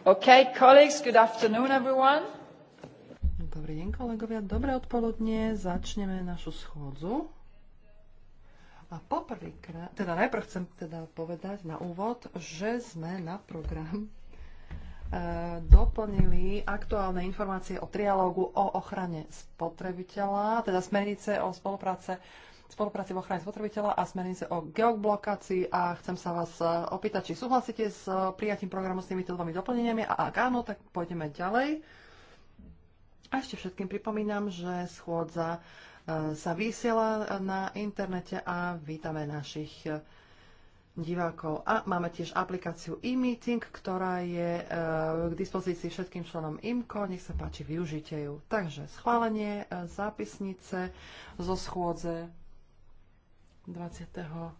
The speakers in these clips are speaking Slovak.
Okay, colleagues, good afternoon everyone. Dobrý deň, kolegovia. Dobré odpoludne. Začneme našu schôdzu. A poprvýkrát, teda najprv chcem teda povedať na úvod, že sme na program e, doplnili aktuálne informácie o trialógu o ochrane spotrebiteľa, teda smernice o spolupráce spolupráci v ochrane spotrebiteľa a smernice o geoblokácii a chcem sa vás e, opýtať, či súhlasíte s e, prijatím programu s týmito dvomi doplneniami a ak áno, tak pôjdeme ďalej. A ešte všetkým pripomínam, že schôdza e, sa vysiela na internete a vítame našich divákov. A máme tiež aplikáciu e-meeting, ktorá je k dispozícii všetkým členom IMCO. Nech sa páči, využite ju. Takže schválenie zápisnice zo schôdze 24.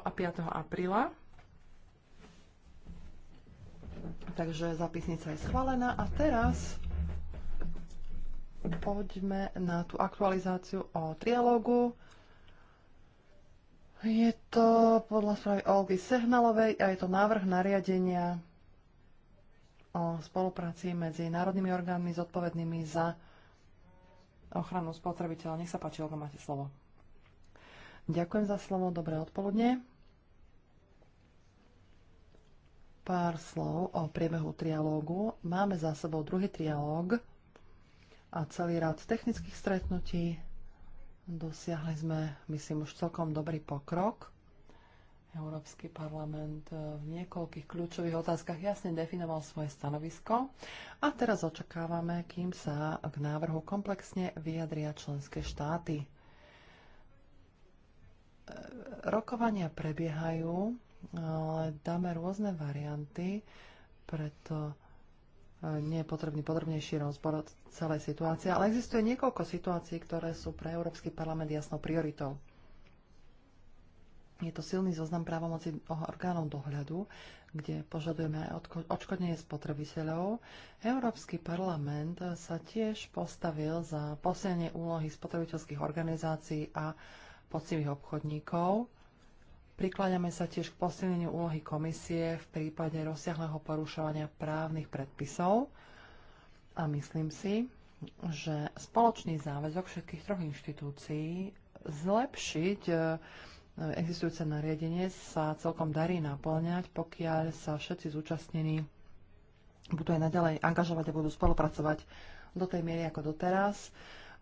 a 5. apríla. Takže zapisnica je schválená a teraz poďme na tú aktualizáciu o trialógu. Je to podľa správy Olgy Sehnalovej a je to návrh nariadenia o spolupráci medzi národnými orgánmi zodpovednými za ochranu spotrebiteľa. Nech sa páči, Olga, máte slovo. Ďakujem za slovo, dobré odpoludne. Pár slov o priebehu trialógu. Máme za sebou druhý trialóg a celý rad technických stretnutí. Dosiahli sme, myslím, už celkom dobrý pokrok. Európsky parlament v niekoľkých kľúčových otázkach jasne definoval svoje stanovisko a teraz očakávame, kým sa k návrhu komplexne vyjadria členské štáty rokovania prebiehajú, ale dáme rôzne varianty, preto e, nie je potrebný podrobnejší rozbor od celej situácie, ale existuje niekoľko situácií, ktoré sú pre Európsky parlament jasnou prioritou. Je to silný zoznam právomocí orgánov dohľadu, kde požadujeme aj odškodnenie spotrebiteľov. Európsky parlament sa tiež postavil za posilnenie úlohy spotrebiteľských organizácií a poctivých obchodníkov. Prikláňame sa tiež k posilneniu úlohy komisie v prípade rozsiahleho porušovania právnych predpisov a myslím si, že spoločný záväzok všetkých troch inštitúcií zlepšiť e, existujúce nariadenie sa celkom darí naplňať, pokiaľ sa všetci zúčastnení budú aj naďalej angažovať a budú spolupracovať do tej miery ako doteraz.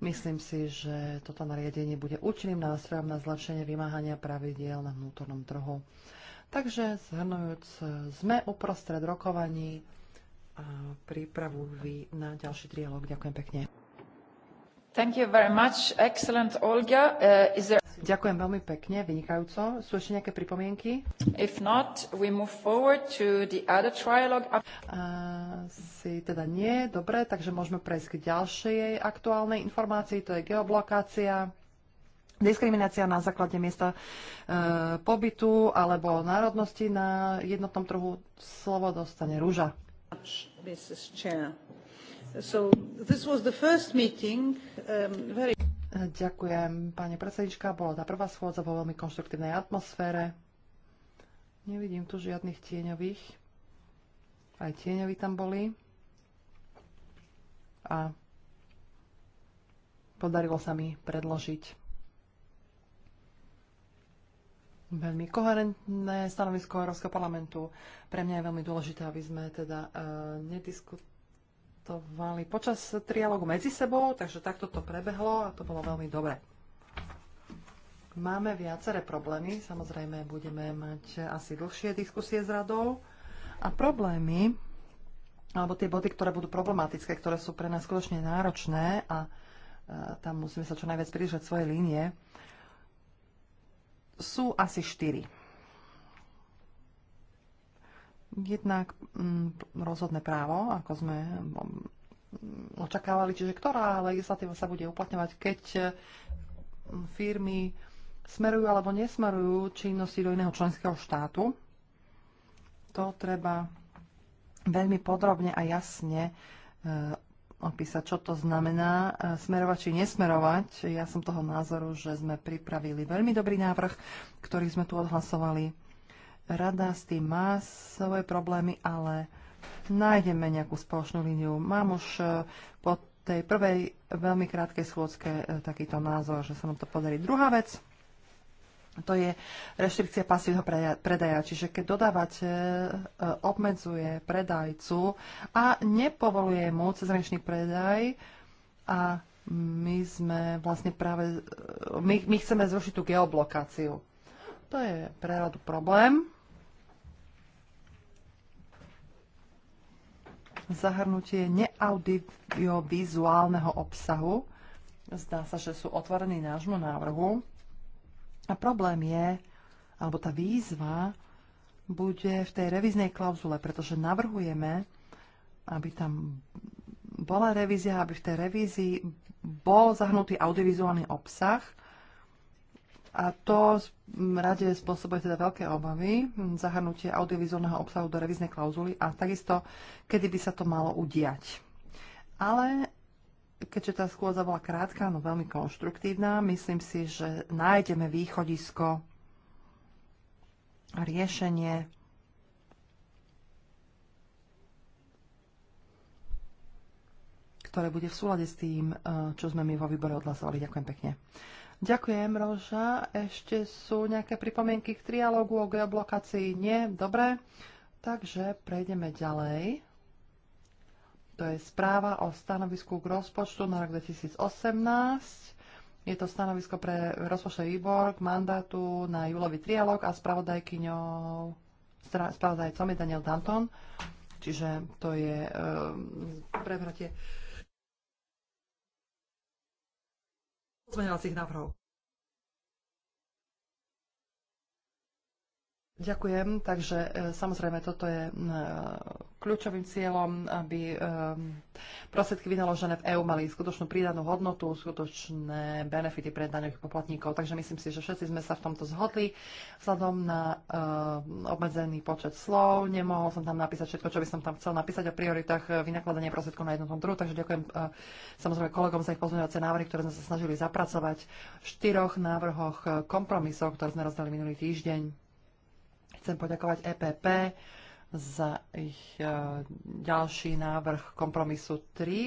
Myslím si, že toto nariadenie bude účinným nástrojom na zlepšenie vymáhania pravidiel na vnútornom trhu. Takže zhrnujúc, sme uprostred rokovaní a prípravu vy na ďalší trialog. Ďakujem pekne. Thank you very much. Excellent, Olga. Uh, is there... Ďakujem veľmi pekne, vynikajúco. Sú ešte nejaké pripomienky? If not, we move forward to the other trialogue. si teda nie, dobre, takže môžeme prejsť k ďalšej aktuálnej informácii, to je geoblokácia. Diskriminácia na základe miesta e, pobytu alebo národnosti na jednotnom trhu slovo dostane rúža. So this was the first meeting, um, very... Ďakujem, pani predsednička. Bola tá prvá schôdza vo veľmi konštruktívnej atmosfére. Nevidím tu žiadnych tieňových. Aj tieňoví tam boli. A podarilo sa mi predložiť veľmi koherentné stanovisko Európskeho parlamentu. Pre mňa je veľmi dôležité, aby sme teda uh, eh, nediskutovali debatovali počas trialogu medzi sebou, takže takto to prebehlo a to bolo veľmi dobre. Máme viaceré problémy, samozrejme budeme mať asi dlhšie diskusie s radou a problémy, alebo tie body, ktoré budú problematické, ktoré sú pre nás skutočne náročné a e, tam musíme sa čo najviac pridržať svoje línie, sú asi štyri Jednak mm, rozhodné právo, ako sme mm, očakávali, čiže ktorá legislatíva sa bude uplatňovať, keď mm, firmy smerujú alebo nesmerujú činnosti do iného členského štátu. To treba veľmi podrobne a jasne e, opísať, čo to znamená e, smerovať či nesmerovať. Ja som toho názoru, že sme pripravili veľmi dobrý návrh, ktorý sme tu odhlasovali Rada s tým má svoje problémy, ale nájdeme nejakú spoločnú líniu. Mám už e, po tej prvej veľmi krátkej schôdzke e, takýto názor, že sa nám to podarí. Druhá vec, to je reštrikcia pasívneho predaja. Čiže keď dodávateľ e, obmedzuje predajcu a nepovoluje mu cezrenčný predaj a my sme vlastne práve, my, my chceme zrušiť tú geoblokáciu. To je preradu problém, zahrnutie neaudiovizuálneho obsahu. Zdá sa, že sú otvorení nášmu návrhu. A problém je, alebo tá výzva bude v tej revíznej klauzule, pretože navrhujeme, aby tam bola revízia, aby v tej revízii bol zahrnutý audiovizuálny obsah – a to rade spôsobuje teda veľké obavy, zahrnutie audiovizuálneho obsahu do revíznej klauzuly a takisto, kedy by sa to malo udiať. Ale keďže tá schôdza bola krátka, no veľmi konštruktívna, myslím si, že nájdeme východisko a riešenie ktoré bude v súlade s tým, e, čo sme my vo výbore odhlasovali. Ďakujem pekne. Ďakujem, Roža. Ešte sú nejaké pripomienky k trialógu o geoblokácii? Nie? Dobre. Takže prejdeme ďalej. To je správa o stanovisku k rozpočtu na rok 2018. Je to stanovisko pre rozpočtový výbor k mandátu na júlový trialog a spravodajkyňou, spravodajcom je Daniel Danton. Čiže to je e, ehm, prevratie pozmeňovacích návrhov. Ďakujem. Takže e, samozrejme toto je e, kľúčovým cieľom, aby e, prostriedky vynaložené v EÚ mali skutočnú prídanú hodnotu, skutočné benefity pre daňových poplatníkov. Takže myslím si, že všetci sme sa v tomto zhodli. Vzhľadom na obmedzený počet slov nemohol som tam napísať všetko, čo by som tam chcel napísať o prioritách vynakladania prostriedkov na jednotnom trhu. Takže ďakujem samozrejme kolegom za ich pozmeňovacie návrhy, ktoré sme sa snažili zapracovať v štyroch návrhoch kompromisov, ktoré sme rozdali minulý týždeň Chcem poďakovať EPP za ich e, ďalší návrh kompromisu 3 e,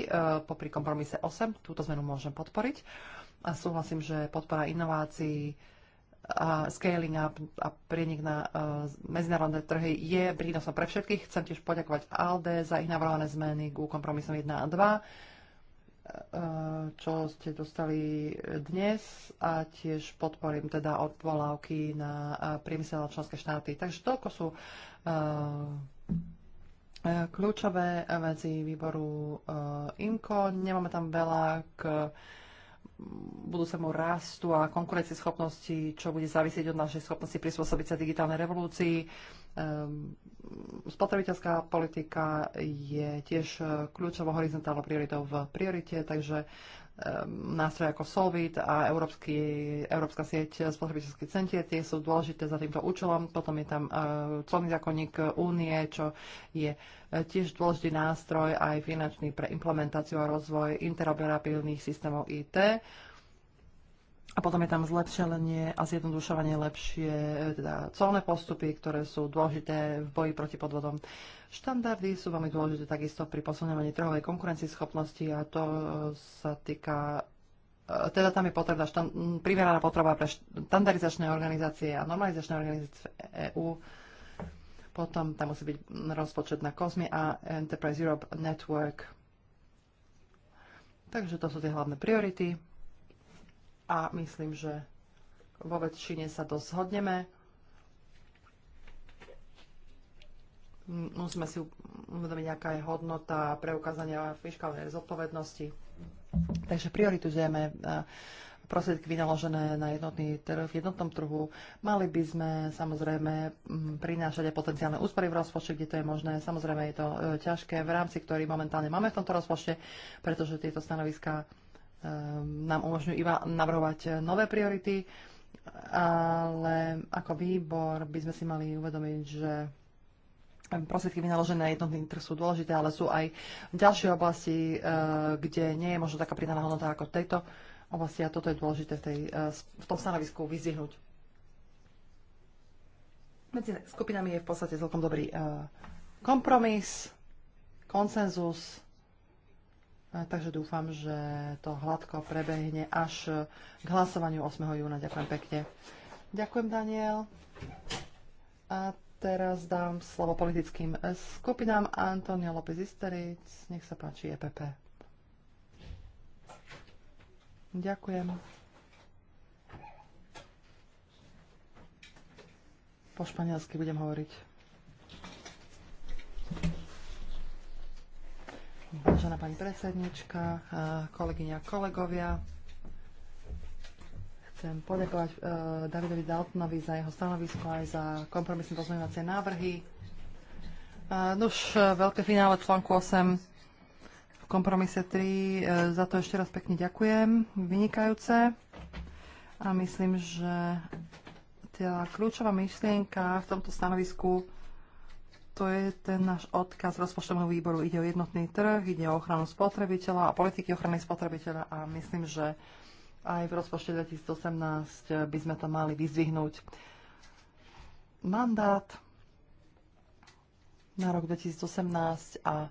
popri kompromise 8. Túto zmenu môžem podporiť a súhlasím, že podpora inovácií a scaling up a prienik na e, medzinárodné trhy je prínosom pre všetkých. Chcem tiež poďakovať ALDE za ich navrhované zmeny k kompromisom 1 a 2 E, čo ste dostali dnes a tiež podporím teda odvolávky na e, priemyselné členské štáty. Takže toľko sú e, kľúčové veci výboru IMCO. Nemáme tam veľa k budúcemu rastu a konkurencieschopnosti, čo bude závisieť od našej schopnosti prispôsobiť sa digitálnej revolúcii. Ehm, spotrebiteľská politika je tiež kľúčovou horizontálnou prioritou v priorite, takže Um, nástroje ako Solvit a Európsky, Európska sieť spotrebiteľských centier, tie sú dôležité za týmto účelom. Potom je tam uh, celný zákonník únie, čo je uh, tiež dôležitý nástroj aj finančný pre implementáciu a rozvoj interoperabilných systémov IT a potom je tam zlepšenie a zjednodušovanie lepšie, e, teda colné postupy, ktoré sú dôležité v boji proti podvodom. Štandardy sú veľmi dôležité takisto pri posunovaní trhovej konkurencieschopnosti a to e, sa týka e, teda tam je potreba štand, primeraná potreba pre štandardizačné organizácie a normalizačné organizácie v EÚ. Potom tam musí byť rozpočet na COSME a Enterprise Europe Network. Takže to sú tie hlavné priority a myslím, že vo väčšine sa to shodneme. Musíme si uvedomiť, aká je hodnota preukázania fiskálnej zodpovednosti. Takže prioritizujeme eh, prostriedky vynaložené na jednotný trh, v jednotnom trhu. Mali by sme samozrejme mm, prinášať aj potenciálne úspory v rozpočte, kde to je možné. Samozrejme je to eh, ťažké v rámci, ktorý momentálne máme v tomto rozpočte, pretože tieto stanoviská Ehm, nám umožňujú iba navrhovať eh, nové priority, ale ako výbor by sme si mali uvedomiť, že prostriedky vynaložené na jednotný trh sú dôležité, ale sú aj ďalšie oblasti, eh, kde nie je možno taká pridaná hodnota ako v tejto oblasti a toto je dôležité v, tej, eh, v tom stanovisku vyzvihnúť. Medzi skupinami je v podstate celkom dobrý kompromis, konsenzus, Takže dúfam, že to hladko prebehne až k hlasovaniu 8. júna. Ďakujem pekne. Ďakujem, Daniel. A teraz dám slovo politickým skupinám. Antonio López Isteric, nech sa páči, EPP. Ďakujem. Po španielsky budem hovoriť. Vážená pani predsednička, eh, kolegyňa, kolegovia, chcem poďakovať eh, Davidovi Daltonovi za jeho stanovisko aj za kompromisné pozmeňovacie návrhy. Eh, nuž, veľké finále článku 8 v kompromise 3. za to ešte raz pekne ďakujem. Vynikajúce. A myslím, že tá kľúčová myšlienka v tomto stanovisku to je ten náš odkaz rozpočtového výboru. Ide o jednotný trh, ide o ochranu spotrebiteľa a politiky ochrany spotrebiteľa a myslím, že aj v rozpočte 2018 by sme to mali vyzvihnúť. Mandát na rok 2018 a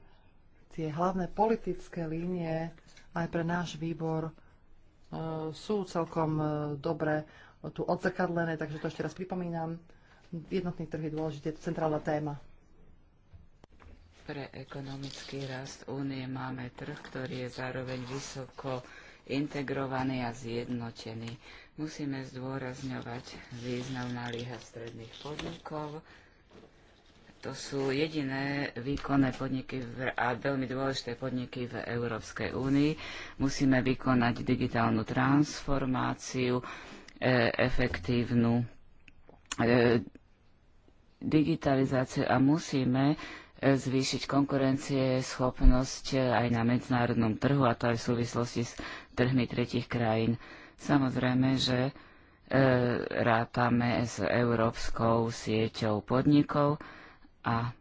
tie hlavné politické línie aj pre náš výbor e, sú celkom e, dobre tu odzakadlené, takže to ešte raz pripomínam. Jednotný trh je dôležitý, je to centrálna téma pre ekonomický rast únie máme trh, ktorý je zároveň vysoko integrovaný a zjednotený. Musíme zdôrazňovať význam malých a stredných podnikov. To sú jediné výkonné podniky v, a veľmi dôležité podniky v Európskej únii. Musíme vykonať digitálnu transformáciu, e, efektívnu e, digitalizáciu a musíme zvýšiť konkurencie, schopnosť aj na medzinárodnom trhu, a to aj v súvislosti s trhmi tretich krajín. Samozrejme, že e, rátame s európskou sieťou podnikov a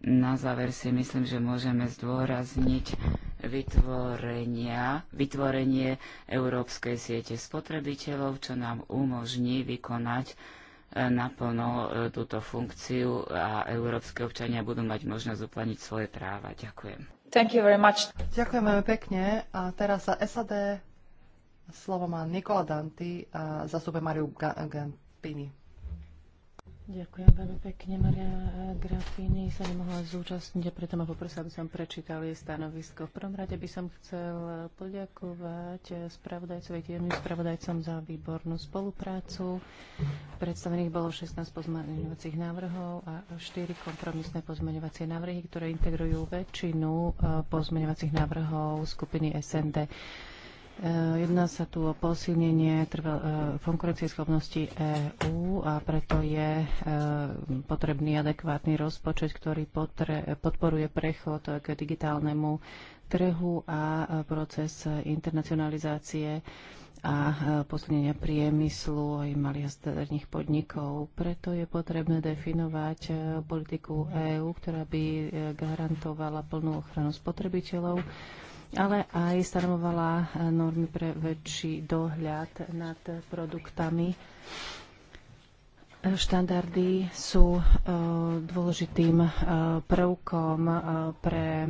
na záver si myslím, že môžeme zdôrazniť vytvorenia, vytvorenie európskej siete spotrebiteľov, čo nám umožní vykonať naplno e, túto funkciu a európske občania budú mať možnosť uplniť svoje práva. Ďakujem. Thank you very much. Ďakujem veľmi pekne. A teraz za SAD slovo má Nikola Danti a zastupe Mariu Gampini. Ďakujem veľmi pekne. Maria eh, Grafini sa nemohla zúčastniť a preto ma poprosila, aby som prečítal jej stanovisko. V prvom rade by som chcel eh, poďakovať eh, spravodajcovi, tým spravodajcom za výbornú spoluprácu. Predstavených bolo 16 pozmeňovacích návrhov a 4 kompromisné pozmeňovacie návrhy, ktoré integrujú väčšinu pozmeňovacích návrhov skupiny SND. Eh, jedná sa tu o posilnenie eh, schopnosti EÚ a preto je eh, potrebný adekvátny rozpočet, ktorý podporuje prechod k digitálnemu trhu a proces internacionalizácie a posilnenia priemyslu aj malých a stredných podnikov. Preto je potrebné definovať politiku EÚ, ktorá by garantovala plnú ochranu spotrebiteľov ale aj stanovovala eh, normy pre väčší dohľad nad produktami. Eh, štandardy sú eh, dôležitým prvkom pre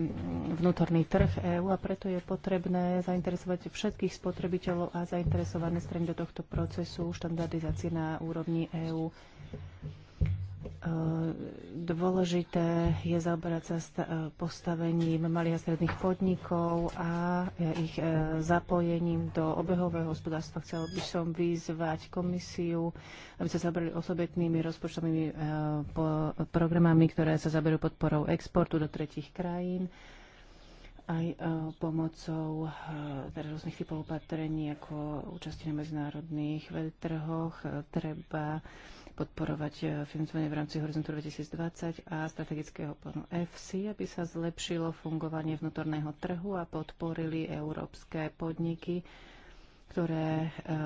vnútorný trh EÚ a preto je potrebné zainteresovať všetkých spotrebiteľov a zainteresované strany do tohto procesu štandardizácie na úrovni EÚ. Eh, dôležité je zaoberať sa eh, postavením malých a stredných podnikov a eh, ich zapojením do obehového hospodárstva. Chcel by som vyzvať komisiu, aby sa zabrali osobitnými rozpočtovými programami, ktoré sa zaberú podporou exportu do tretich krajín aj pomocou teda rôznych typov opatrení ako účasti na medzinárodných veľtrhoch. Treba podporovať e, financovanie v rámci Horizontu 2020 a strategického plánu FC, aby sa zlepšilo fungovanie vnútorného trhu a podporili európske podniky, ktoré, e,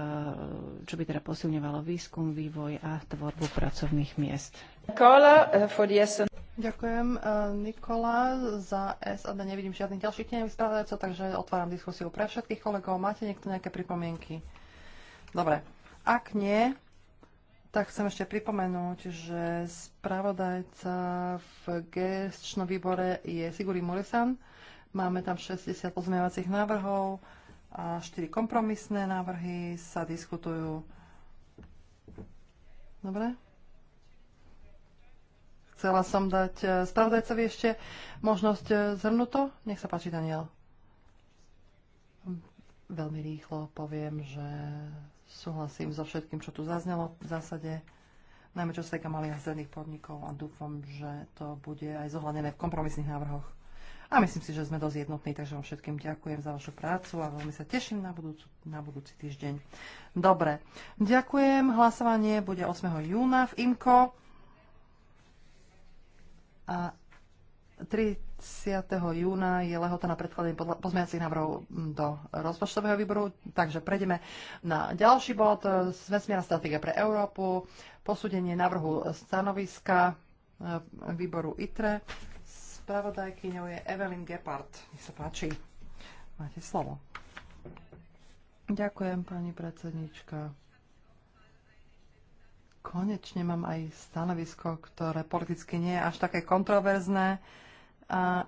čo by teda posilňovalo výskum, vývoj a tvorbu pracovných miest. Nikola, e, for the SN... Ďakujem, Nikola, za S. A Nevidím žiadnych ďalších tenevých takže otváram diskusiu pre všetkých kolegov. Máte niekto nejaké pripomienky? Dobre, ak nie, tak chcem ešte pripomenúť, že spravodajca v gestčnom výbore je Siguri Morisan. Máme tam 60 pozmeňovacích návrhov a 4 kompromisné návrhy sa diskutujú. Dobre? Chcela som dať eh, spravodajcovi ešte možnosť eh, zhrnúť to. Nech sa páči, Daniel. Veľmi rýchlo poviem, že Súhlasím so všetkým, čo tu zaznelo v zásade, najmä čo sa týka malých a stredných podnikov a dúfam, že to bude aj zohľadené v kompromisných návrhoch. A myslím si, že sme dosť jednotní, takže vám všetkým ďakujem za vašu prácu a veľmi sa teším na, budúcu, na budúci týždeň. Dobre, ďakujem. Hlasovanie bude 8. júna v IMKO. A 10. júna je lehota na predkladanie pozmeňacích návrhov mm, do rozpočtového výboru, takže prejdeme na ďalší bod, e, vesmierna stratégia pre Európu, posúdenie návrhu stanoviska e, výboru ITRE. Spravodajkyňou je Evelyn Gepard. Nech sa páči. Máte slovo. Ďakujem, pani predsednička. Konečne mám aj stanovisko, ktoré politicky nie je až také kontroverzné a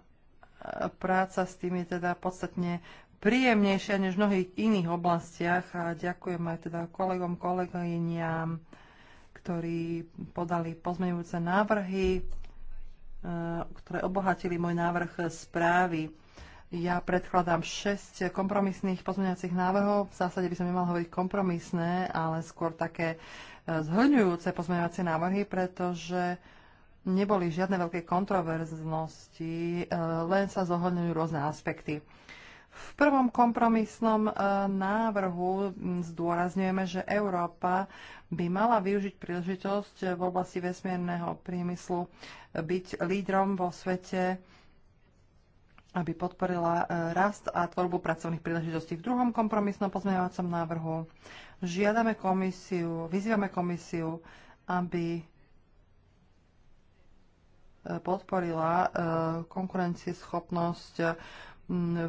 práca s tým je teda podstatne príjemnejšia než v mnohých iných oblastiach a ďakujem aj teda kolegom, kolegyniam, ktorí podali pozmeňujúce návrhy, e, ktoré obohatili môj návrh správy. Ja predkladám 6 kompromisných pozmeňovacích návrhov. V zásade by som nemal hovoriť kompromisné, ale skôr také e, zhrňujúce pozmeňovacie návrhy, pretože neboli žiadne veľké kontroverznosti, e, len sa zohľadňujú rôzne aspekty. V prvom kompromisnom e, návrhu zdôrazňujeme, že Európa by mala využiť príležitosť v oblasti vesmierneho priemyslu byť lídrom vo svete, aby podporila e, rast a tvorbu pracovných príležitostí. V druhom kompromisnom pozmeňovacom návrhu žiadame komisiu, vyzývame komisiu, aby podporila e, konkurencieschopnosť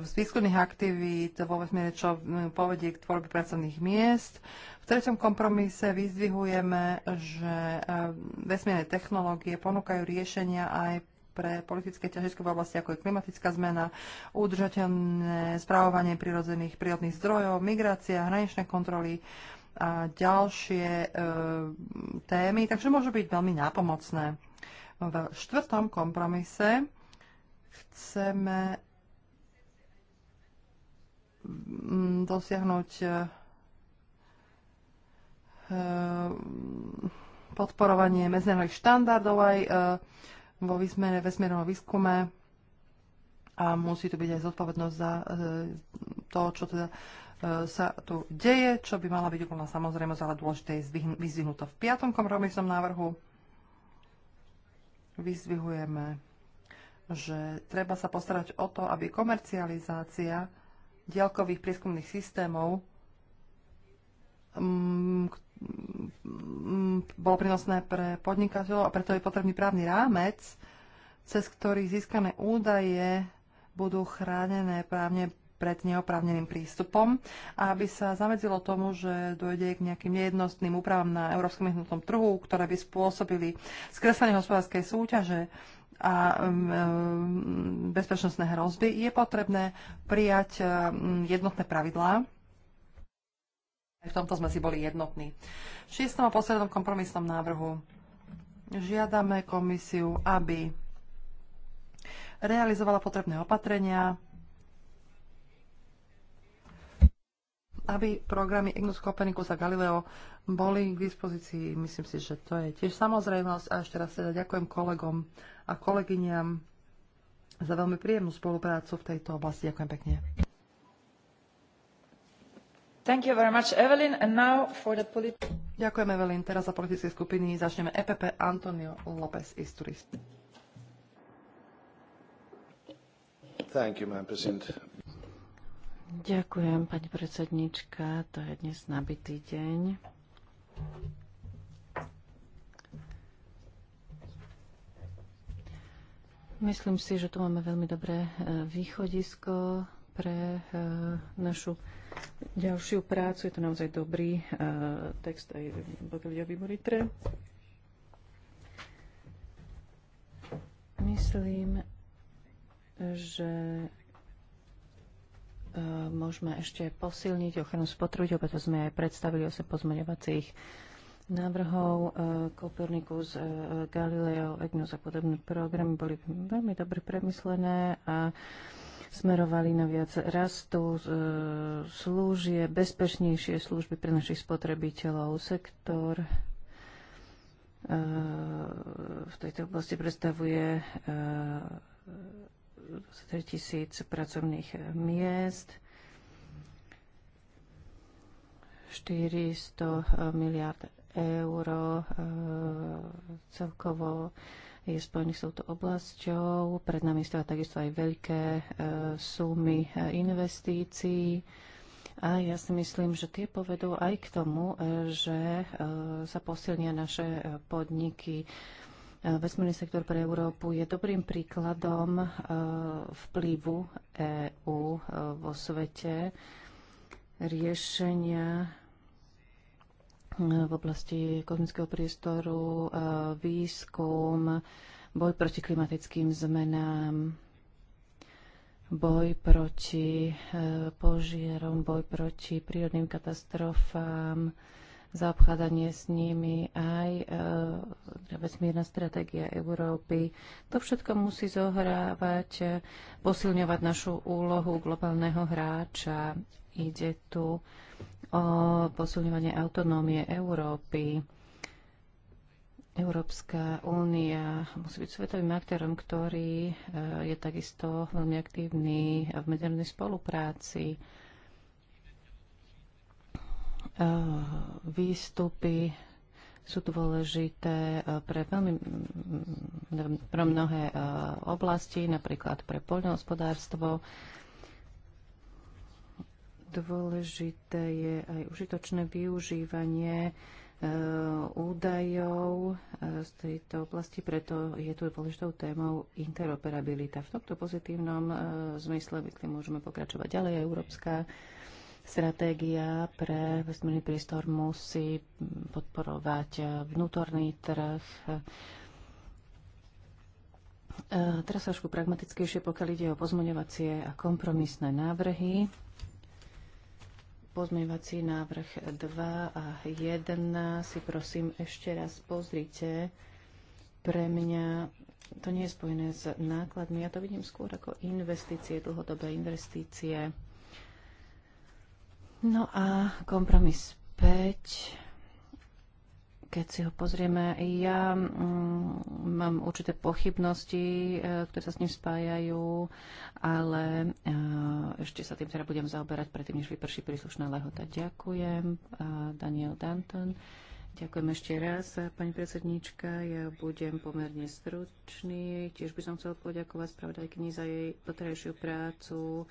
z výskumných aktivít vo vesmíre, čo povedie k tvorbe pracovných miest. V treťom kompromise vyzdvihujeme, že e, vesmírne technológie ponúkajú riešenia aj pre politické ťažisko v oblasti ako je klimatická zmena, udržateľné správovanie prírodzených prírodných zdrojov, migrácia, hraničné kontroly a ďalšie e, témy, takže môžu byť veľmi nápomocné. V štvrtom kompromise chceme mm, dosiahnuť e, e, podporovanie medzinárodných štandardov aj e, vo výsmene vesmírnom výskume a musí to byť aj zodpovednosť za to, čo teda sa tu deje, čo by mala byť úplná samozrejmosť, ale dôležité je vyzvihnúť to v piatom kompromisnom návrhu vyzvihujeme, že treba sa postarať o to, aby komercializácia diaľkových prieskumných systémov mm, mm, bolo prínosné pre podnikateľov a preto je potrebný právny rámec, cez ktorý získané údaje budú chránené právne pred neoprávneným prístupom a aby sa zamedzilo tomu, že dojde k nejakým nejednostným úpravám na európskom jednotnom trhu, ktoré by spôsobili skreslenie hospodárskej súťaže a um, um, bezpečnostné hrozby, je potrebné prijať um, jednotné pravidlá. V tomto sme si boli jednotní. V šiestom a poslednom kompromisnom návrhu žiadame komisiu, aby realizovala potrebné opatrenia, aby programy Ignus Copernicus a Galileo boli k dispozícii. Myslím si, že to je tiež samozrejmosť. A ešte raz teda ďakujem kolegom a kolegyňam za veľmi príjemnú spoluprácu v tejto oblasti. Ďakujem pekne. Thank you very much, Evelyn. And now for the Ďakujem, Evelyn. Teraz za politické skupiny začneme EPP Antonio López Isturiz. Thank you, president. Ďakujem, pani predsednička. To je dnes nabitý deň. Myslím si, že tu máme veľmi dobré e, východisko pre e, našu ďalšiu prácu. Je to naozaj dobrý e, text aj Bogovia Vyboritre. Myslím, že môžeme ešte posilniť ochranu spotrebiteľov, preto sme aj predstavili 8 pozmeňovacích návrhov e, Kopernikus, e, Galileo, EGNOS a podobné programy boli veľmi dobre premyslené a smerovali na viac rastu, e, slúžie, bezpečnejšie služby pre našich spotrebiteľov. Sektor v tejto oblasti predstavuje 3000 pracovných miest, 400 eh, miliard eur eh, celkovo je spojený s touto oblasťou. Pred nami stojí takisto aj veľké eh, sumy investícií. A ja si myslím, že tie povedú aj k tomu, že sa posilnia naše podniky Vesmírny sektor pre Európu je dobrým príkladom e, vplyvu EÚ e, vo svete riešenia e, v oblasti kozmického priestoru, výskum, boj proti klimatickým zmenám, boj proti požiarom, boj proti prírodným katastrofám, zaobchádzanie s nimi, aj e, teda vesmírna stratégia Európy. To všetko musí zohrávať, e, posilňovať našu úlohu globálneho hráča. Ide tu o posilňovanie autonómie Európy. Európska únia musí byť svetovým aktérom, ktorý e, je takisto veľmi aktívny v medzinárodnej spolupráci Eh, výstupy sú dôležité eh, pre, veľmi, mm, pre mnohé eh, oblasti, napríklad pre poľnohospodárstvo. Dôležité je aj užitočné využívanie údajov z tejto oblasti, preto je tu dôležitou témou interoperabilita. V tomto pozitívnom zmysle, myslím, môžeme pokračovať ďalej. Európska Stratégia pre vesmírny priestor musí podporovať vnútorný trh. E, teraz trošku pragmatickejšie, pokiaľ ide o pozmeňovacie a kompromisné návrhy. Pozmeňovací návrh 2 a 1 si prosím ešte raz pozrite. Pre mňa to nie je spojené s nákladmi. Ja to vidím skôr ako investície, dlhodobé investície. No a kompromis 5, keď si ho pozrieme, ja mm, mám určité pochybnosti, e, ktoré sa s ním spájajú, ale e, ešte sa tým teda budem zaoberať predtým, než vyprší príslušná lehota. Ďakujem, e, Daniel Danton. Ďakujem ešte raz, e, pani predsedníčka. Ja budem pomerne stručný. Tiež by som chcel poďakovať spravodajkyni za jej doterajšiu prácu.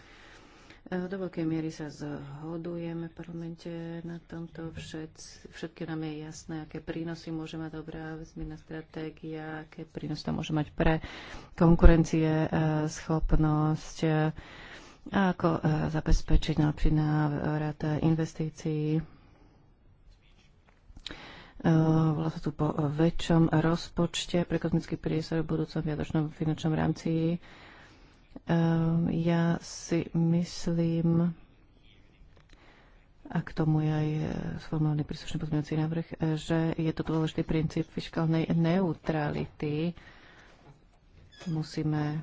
E, do veľkej miery sa zhodujeme v parlamente na tomto. Všet, všetky nám je jasné, aké prínosy môže mať dobrá zmena stratégia, aké prínosy to môže mať pre konkurencie, e, schopnosť a e, ako zabezpečiť najlepší návrat investícií. Volá sa tu po väčšom rozpočte pre kozmický priestor v budúcom viadočnom finančnom rámci Ehm, ja si myslím, a k tomu je aj eh, sformulovaný príslušný pozmeňovací návrh, eh, že je to dôležitý princíp fiskálnej neutrality. Musíme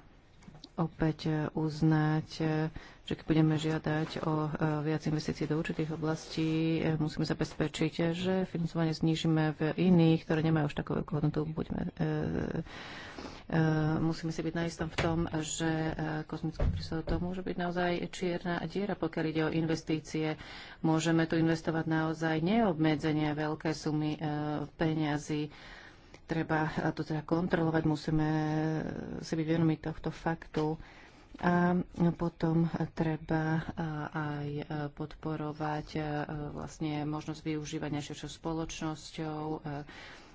opäť eh, uznať, že keď budeme žiadať o viac investícií do určitých oblastí, musíme zabezpečiť, že financovanie znížime v iných, ktoré nemajú už takú hodnotu. Buďme e, Eh, musíme si byť naistom v tom, že eh, kozmický prístor to môže byť naozaj čierna diera, pokiaľ ide o investície. Môžeme tu investovať naozaj neobmedzenia veľké sumy eh, peňazí. Treba to teda kontrolovať, musíme si byť vedomi tohto faktu. A potom treba aj podporovať vlastne možnosť využívania širšou spoločnosťou,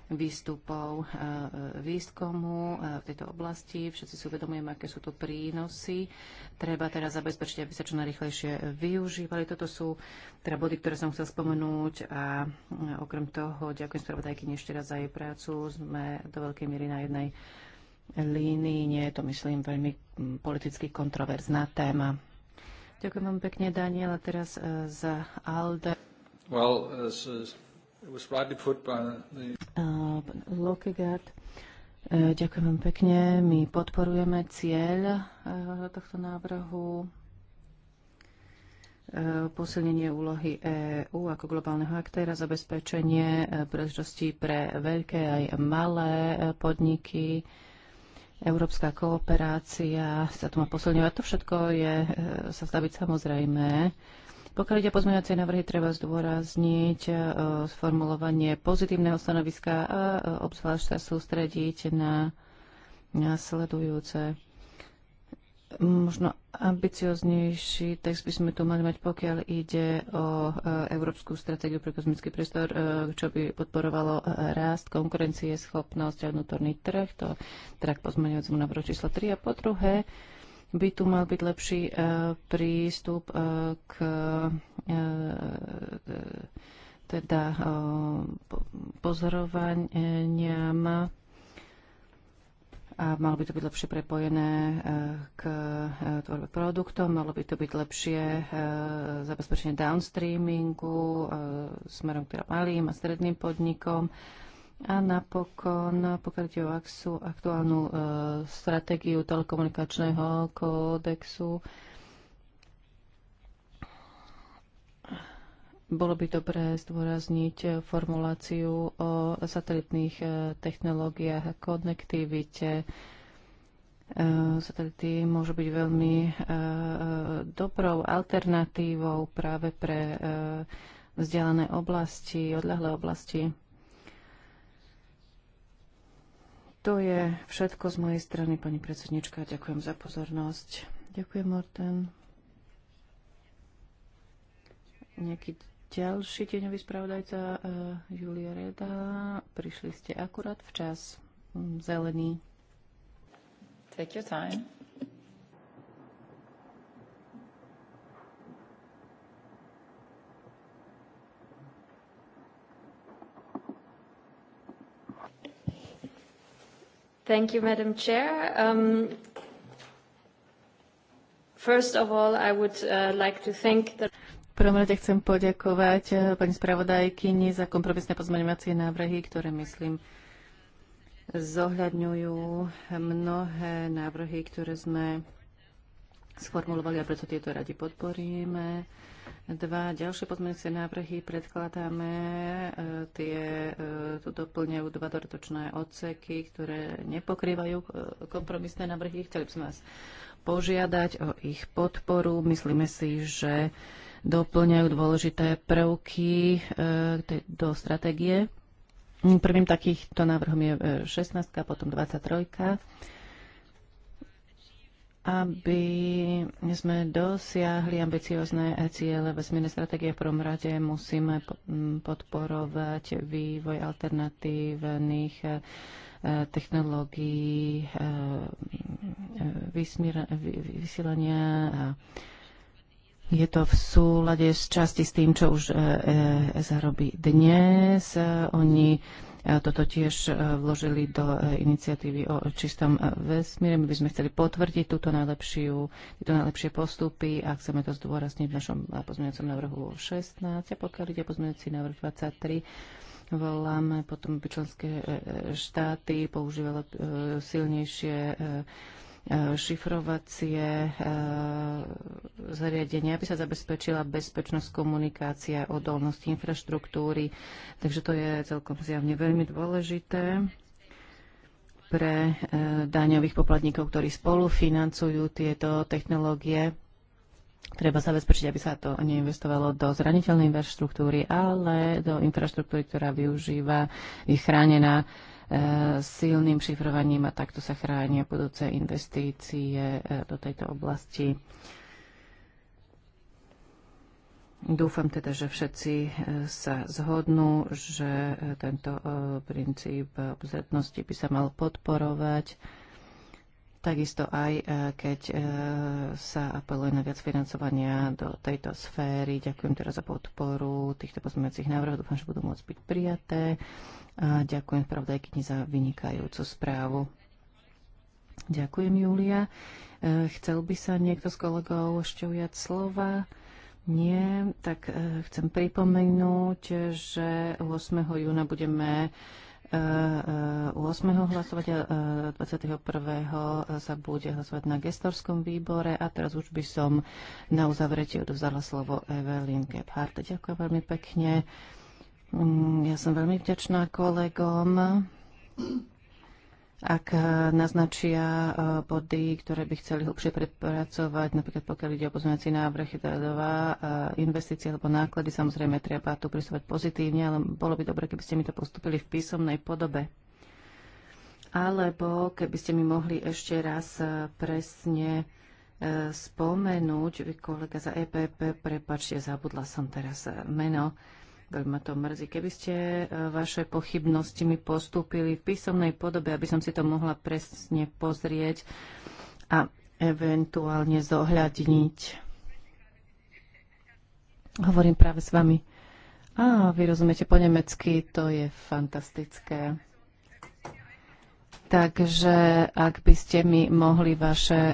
výstupov eh, eh, výskumu eh, v tejto oblasti. Všetci si uvedomujeme, aké sú to prínosy. Treba teraz zabezpečiť, aby sa čo najrychlejšie využívali. Toto sú teda body, ktoré som chcel spomenúť a okrem toho ďakujem spravodajky ešte raz za jej prácu. Sme do veľkej miery na jednej línii. Nie je to, myslím, veľmi hm, politicky kontroverzná téma. Ďakujem vám pekne, Daniela, teraz za ALDE. Well, uh, Uh, Lokegaard, uh, ďakujem vám pekne. My podporujeme cieľ uh, tohto návrhu posilnenie úlohy EÚ ako globálneho aktéra, zabezpečenie príležitosti pre veľké aj malé podniky, európska kooperácia sa to má posilňovať. To všetko je, sa zdá byť samozrejme. Pokiaľ ide pozmeňovacie návrhy, treba zdôrazniť e, sformulovanie pozitívneho stanoviska a e, obzvlášť sa sústrediť na nasledujúce. Možno ambicioznejší text by sme tu mali mať, pokiaľ ide o e, Európsku stratégiu pre kozmický priestor, čo by podporovalo rást, konkurencie, schopnosť a vnútorný trh, to teda k pozmeňujúcemu návrhu číslo 3. A po druhé, by tu mal byť lepší e, prístup e, k e, teda pozorovaniam a malo by to byť lepšie prepojené k tvorbe produktov, malo by to byť lepšie zabezpečenie downstreamingu smerom k malým a stredným podnikom a napokon, pokiaľ ide o aktuálnu e, stratégiu telekomunikačného kódexu, bolo by dobré zdôrazniť formuláciu o satelitných e, technológiách a konektivite. E, satelity môžu byť veľmi e, dobrou alternatívou práve pre e, vzdialené oblasti, odľahlé oblasti. To je všetko z mojej strany, pani predsednička. Ďakujem za pozornosť. Ďakujem, Morten. Nejaký ďalší tieňový spravodajca, uh, Julia Reda. Prišli ste akurát včas. Hm, Zelený. Take your time. Thank you, Madam Chair. Um, first of all, I would uh, like to thank the v prvom rade chcem poďakovať uh, pani spravodajkyni za kompromisné pozmeňovacie návrhy, ktoré myslím zohľadňujú mnohé návrhy, ktoré sme sformulovali a preto tieto radi podporíme. Dva ďalšie pozmeňujúce návrhy predkladáme. E, tie e, tu doplňajú dva dodatočné odseky, ktoré nepokrývajú e, kompromisné návrhy. Chceli by sme vás požiadať o ich podporu. Myslíme si, že doplňajú dôležité prvky do stratégie. Prvým takýchto návrhom je 16, potom 23 aby sme dosiahli ambiciozne ciele vesmírnej stratégie, v prvom rade musíme podporovať vývoj alternatívnych e, technológií e, e, vysielania a je to v súlade s časti s tým, čo už ESA robí dnes. Oni toto tiež e, vložili do e, iniciatívy o e, čistom vesmíre. My by sme chceli potvrdiť túto najlepšiu, tieto najlepšie postupy a chceme to zdôrazniť v našom pozmeňujúcom návrhu 16. A pokiaľ ide pozmeňujúci návrh 23, voláme potom, aby členské štáty používali silnejšie Eh, šifrovacie eh, zariadenia, aby sa zabezpečila bezpečnosť komunikácie a odolnosť infraštruktúry. Takže to je celkom zjavne veľmi dôležité pre eh, daňových poplatníkov, ktorí spolufinancujú tieto technológie. Treba zabezpečiť, aby sa to neinvestovalo do zraniteľnej infraštruktúry, ale do infraštruktúry, ktorá využíva, je chránená silným šifrovaním a takto sa chránia budúce investície e, do tejto oblasti. Dúfam teda, že všetci e, sa zhodnú, že e, tento princíp obzretnosti by sa mal podporovať. Takisto aj, keď sa apeluje na viac financovania do tejto sféry. Ďakujem teraz za podporu týchto pozmeňujúcich návrhov. Dúfam, že budú môcť byť prijaté. A ďakujem spravodajkyni za vynikajúcu správu. Ďakujem, Julia. E, chcel by sa niekto z kolegov ešte ujať slova? Nie, tak e, chcem pripomenúť, že 8. júna budeme 8. E, hlasovať a 21. sa bude hlasovať na gestorskom výbore a teraz už by som na uzavretie odovzala slovo Evelyn Gebhardt. Ďakujem veľmi pekne. Mm, ja som veľmi vďačná kolegom. Ak eh, naznačia eh, body, ktoré by chceli hlbšie prepracovať, napríklad pokiaľ ide o pozmeňací návrh 2, eh, investície alebo náklady, samozrejme treba tu prisúvať pozitívne, ale bolo by dobre, keby ste mi to postupili v písomnej podobe. Alebo keby ste mi mohli ešte raz presne spomenúť, kolega za EPP, prepačte, zabudla som teraz meno, Veľmi ma to mrzí. Keby ste e, vaše pochybnosti mi postúpili v písomnej podobe, aby som si to mohla presne pozrieť a eventuálne zohľadniť. Hovorím práve s vami. Á, vy rozumiete po nemecky, to je fantastické. Takže ak by ste mi mohli vaše e,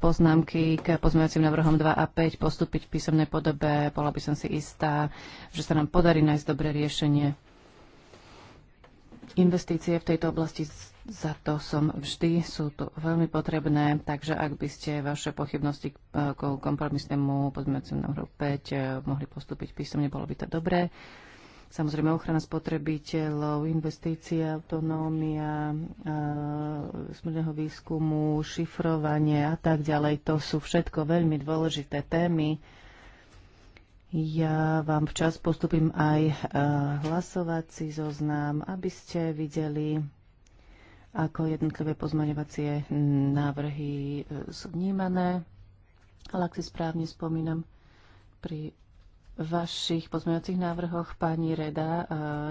poznámky k pozmeňovacím návrhom 2 a 5 postúpiť v písomnej podobe, bola by som si istá, že sa nám podarí nájsť dobré riešenie. Investície v tejto oblasti za to som vždy, sú tu veľmi potrebné, takže ak by ste vaše pochybnosti k e, kompromisnému pozmeňovaciemu návrhu 5 e, mohli postúpiť písomne, bolo by to dobré. Samozrejme ochrana spotrebiteľov, investícia, autonómia, smrného výskumu, šifrovanie a tak ďalej. To sú všetko veľmi dôležité témy. Ja vám včas postupím aj hlasovací zoznam, aby ste videli, ako jednotlivé pozmaňovacie návrhy e, sú vnímané. Ale ak si správne spomínam, pri vašich pozmeňovacích návrhoch, pani Reda, e,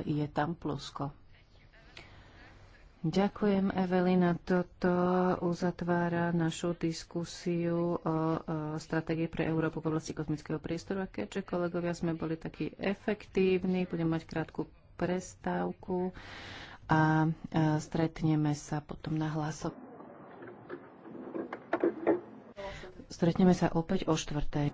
je tam plusko. Ďakujem, Evelina. Toto uzatvára našu diskusiu o, o stratégii pre Európu v oblasti kozmického priestoru. A keďže kolegovia sme boli takí efektívni, budem mať krátku prestávku a, a e, stretneme sa potom na hlasok. Stretneme sa opäť o štvrtej.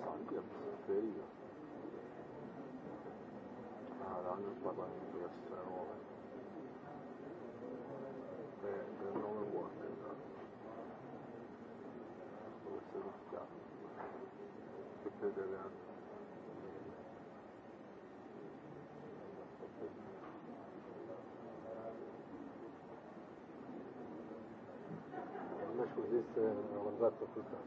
Sanki yapısı değil ya. Hala anlık здесь организация Фрита.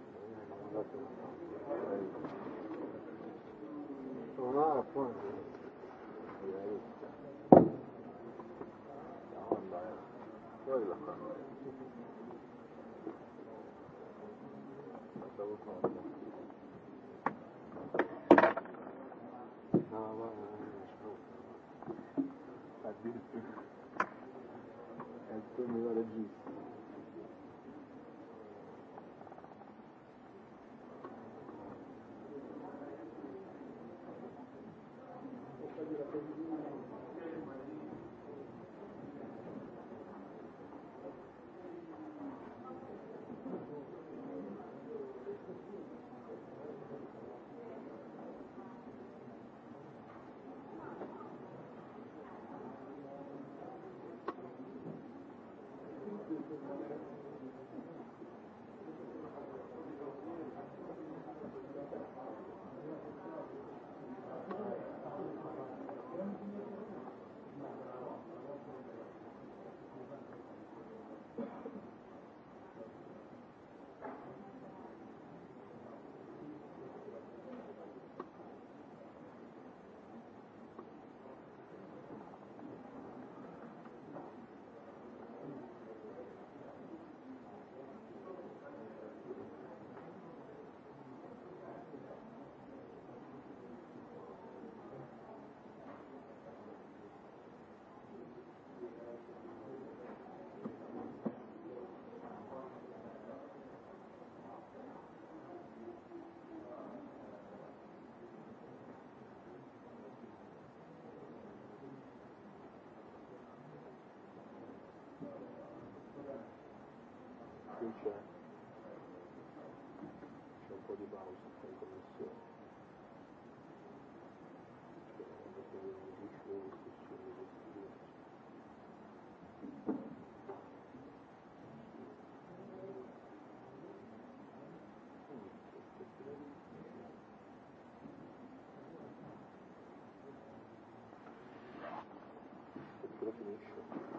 Она понял. Addirittura, è il tuo migliore giro. qui c'è c'è un po' di pausa in Thank you.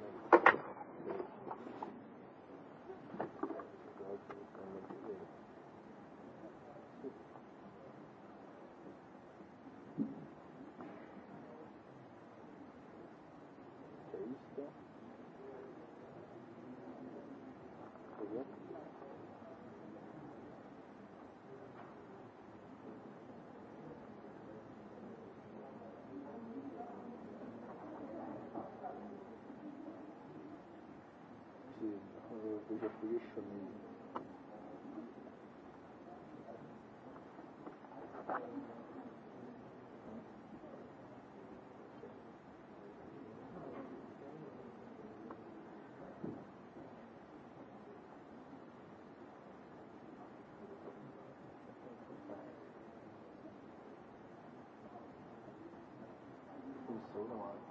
the creation Thank you.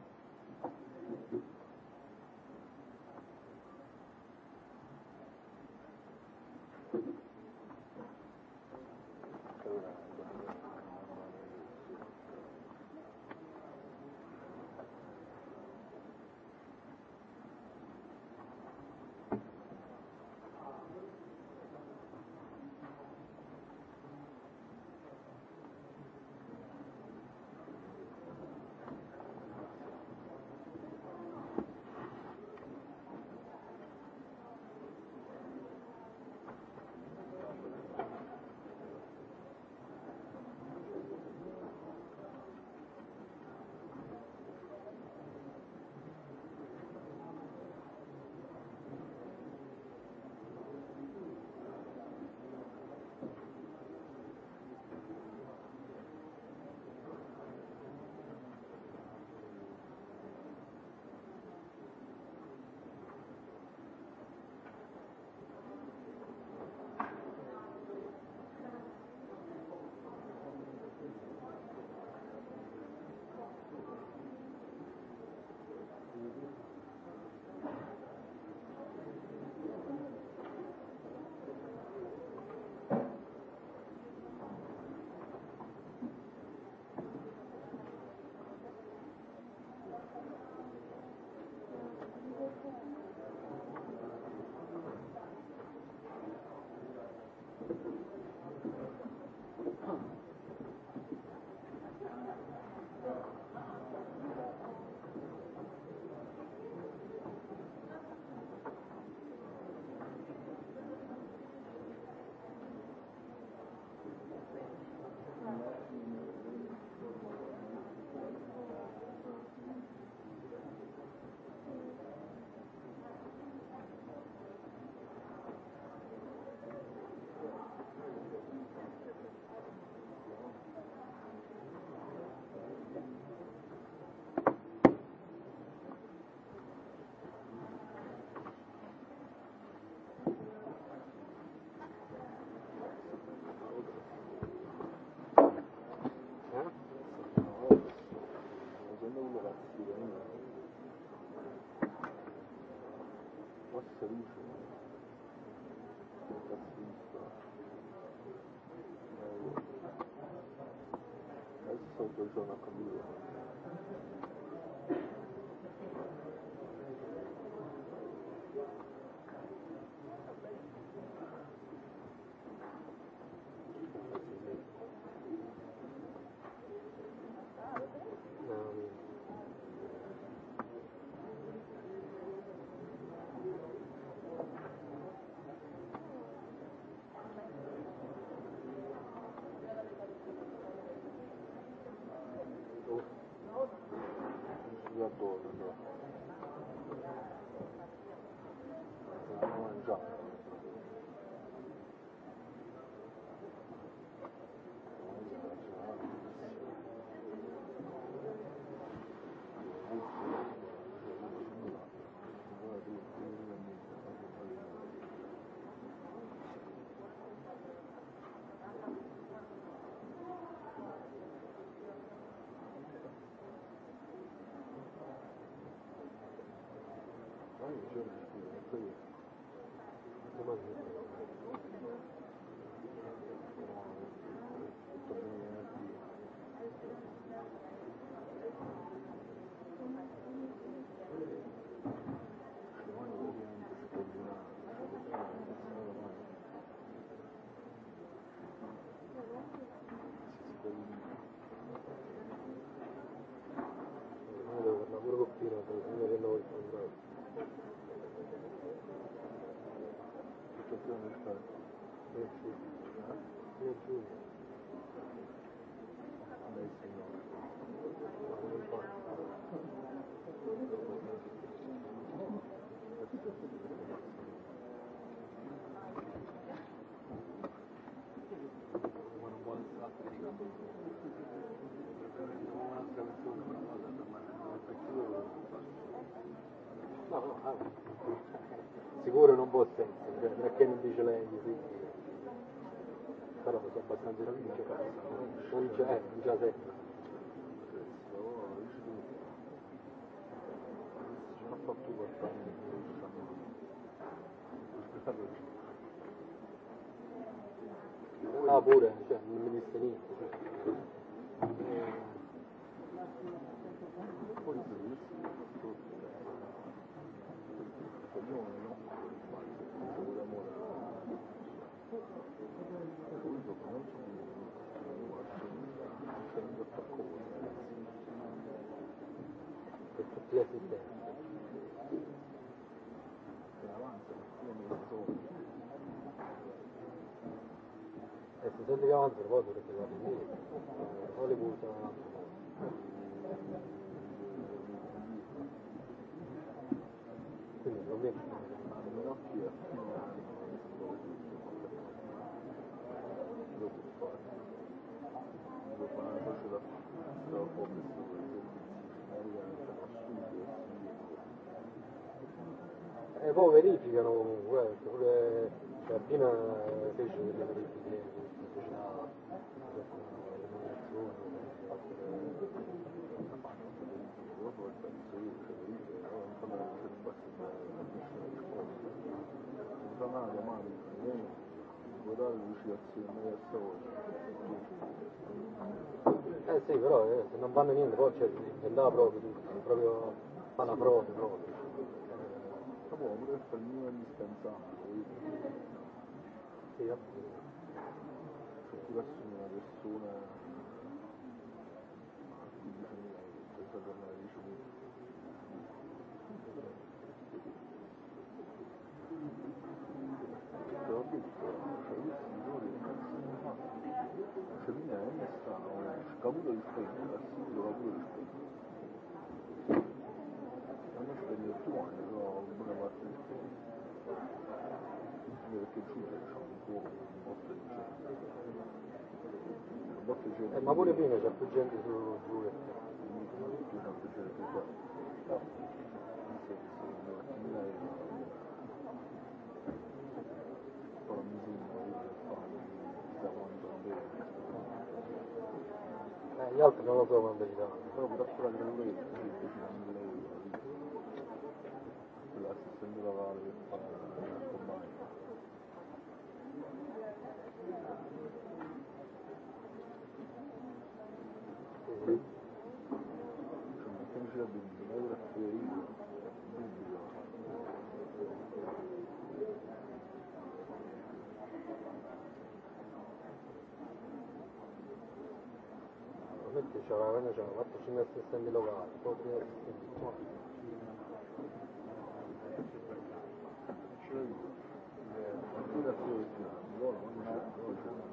personas con viruela. 较多的是吧？文章。Počúva. Počúva. cioè, scusate. Ah, pure. io Under vado perché vado lì, un E poi verificano comunque, pure prima fece delle verifiche Eh sì, però eh, se non vanno niente poi c'è cioè, andava proprio tutto, proprio fanno prove proprio. Proprio il mio indispensabile. Sì, appunto verso una persona di bisogno questa giornata di cibo. Però il signore Se mi è messa una scavuta di spegno, la singola pure di spegno. Non è spegno più anni, però buona parte di spegno. Perché giù c'è un po' di morte di gente. Eh, ma pure prima c'è più gente su giù. Eh, gli altri non lo so quando ci danno. Però mi lascio la grande lei, eh, l'assistente lavare che fa il comando. Ravena Žanova počína se Semilová, to je Thank you.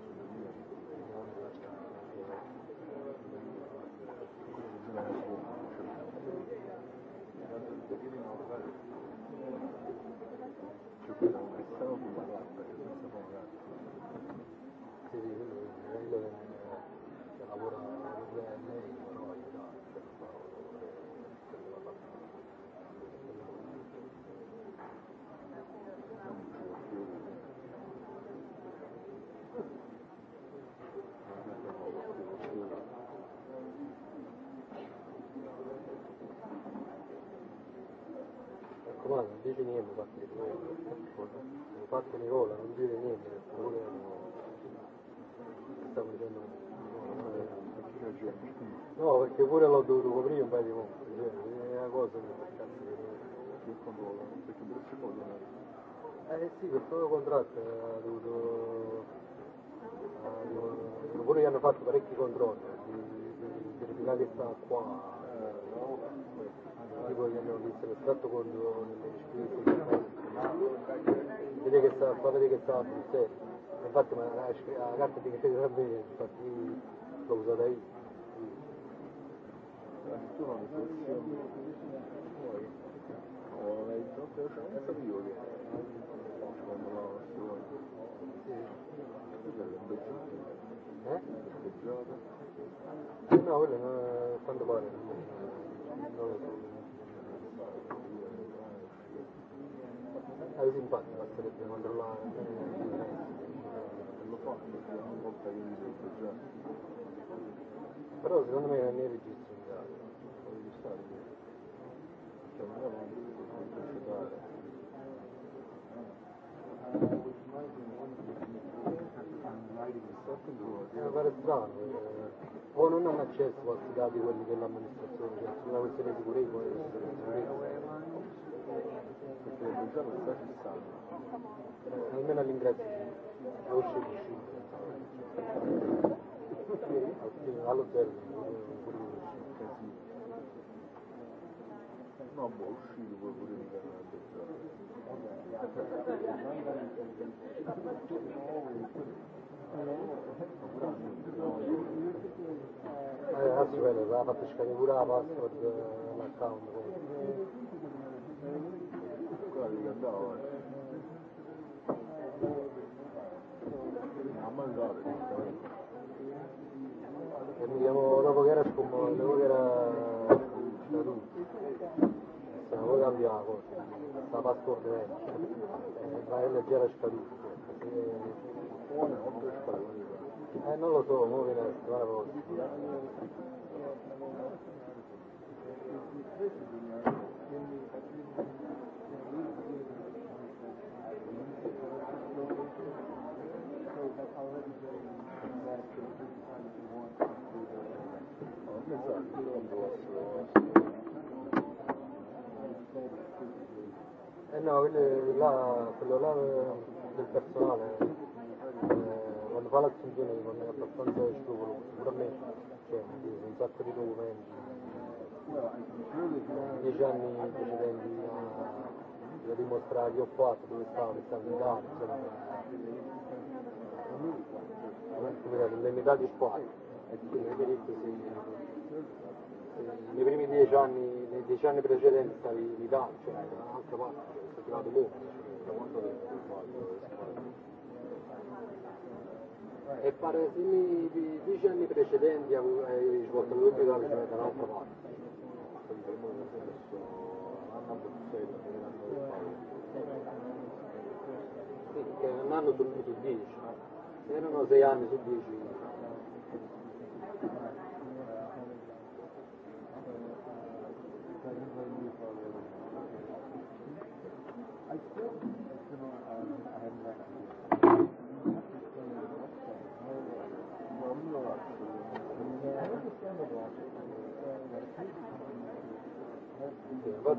che pure l'ho dovuto coprire un paio di volte, cioè, è una cosa che cazzo perché pure si può Eh sì, per solo contratto eh, ha dovuto, ha, pure gli hanno fatto parecchi controlli, eh, verificare che sta qua, eh, no? Eh, gli hanno visto l'estratto con le iscritte, vedere che sta, fa vedere che sta a Bruxelles, infatti ma la, la carta di che credito a me, infatti l'ho usata io. No, vale, no, ¿cuánto vale? Hay un impacto, va a ser de controlar. Lo Però secondo me non è registro. Poi non hanno accesso a questi dati quelli dell'amministrazione, cioè sulla questione di sicurezza, perché il giorno sta fissato, almeno all'ingresso, a uscire di 5, all'hotel, no boh, uscirlo pure di Ragazzi, bene, la faccio scaricare pure la password mi سنوات هم بیا آقا سبت کرده برای لگرش کاری E non lo so, muove la strada vostra. Eh no, là, quello là eh, del personale, eh, quando fa l'accensione non è abbastanza scrupolo, pure a me, cioè, un sacco di documenti, dieci anni precedenti a, a dimostrare che ho fatto, dove stavo, che stavo in Italia, insomma, l'indennità di squadra. Eh, nei primi dieci anni, nei dieci anni precedenti stavi in Italia, cioè, anche. un'altra E pare simili di dieci anni precedenti ai svoltamenti della vicenda dall'altra parte. Sì, che non hanno dormito dieci, erano sei anni su dieci.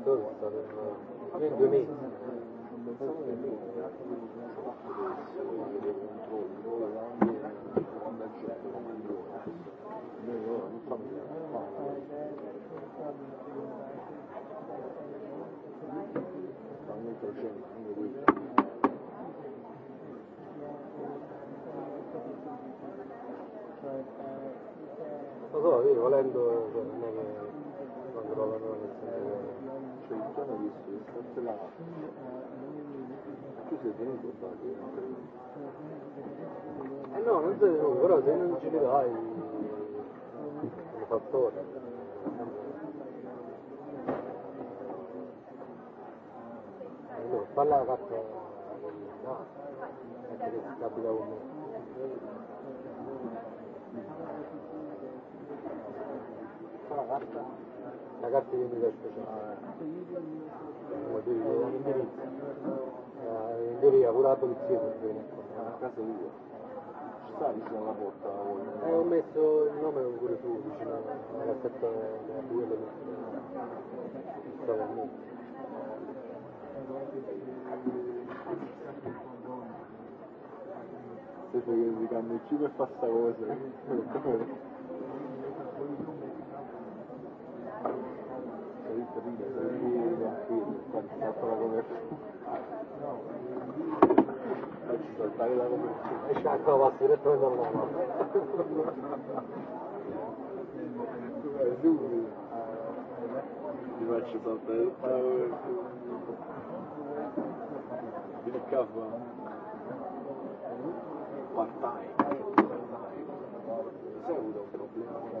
2014, dans une demi. Lo so, io volendo non è che controllano le Hrišćana Isu, sa strana. Tu sei dini kod tako. Eh no, non se però se non ci dai il fattore. Allora, parla la carta no, è che capita con me. la carta ragazzi vieni pure la polizia per bene a casa ci sta vicino alla porta eh, ho messo il nome pure tu vicino alla setta della tua stava se ti cambi il cibo e fa sta cosa Şaka vasile söylemem ama. Bir açıdan ben bir kafa. Partay. Sen bu da problem.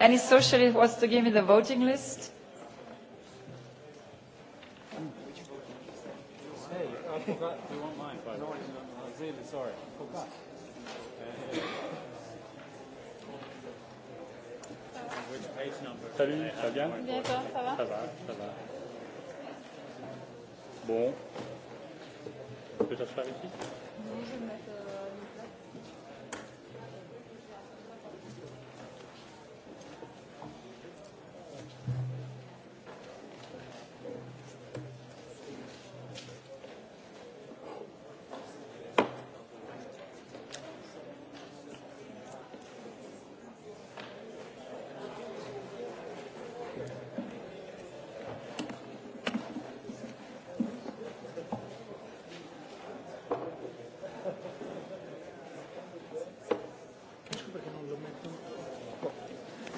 Any socialist wants to give me the voting list? Hey, I forgot. You want mine, by the way. sorry. Forgot. Which page number? Salut, ça bien? toi, ça va? Ça va, ça va. Bon. Peut-être faire ici? Non, je vais mettre. Euh...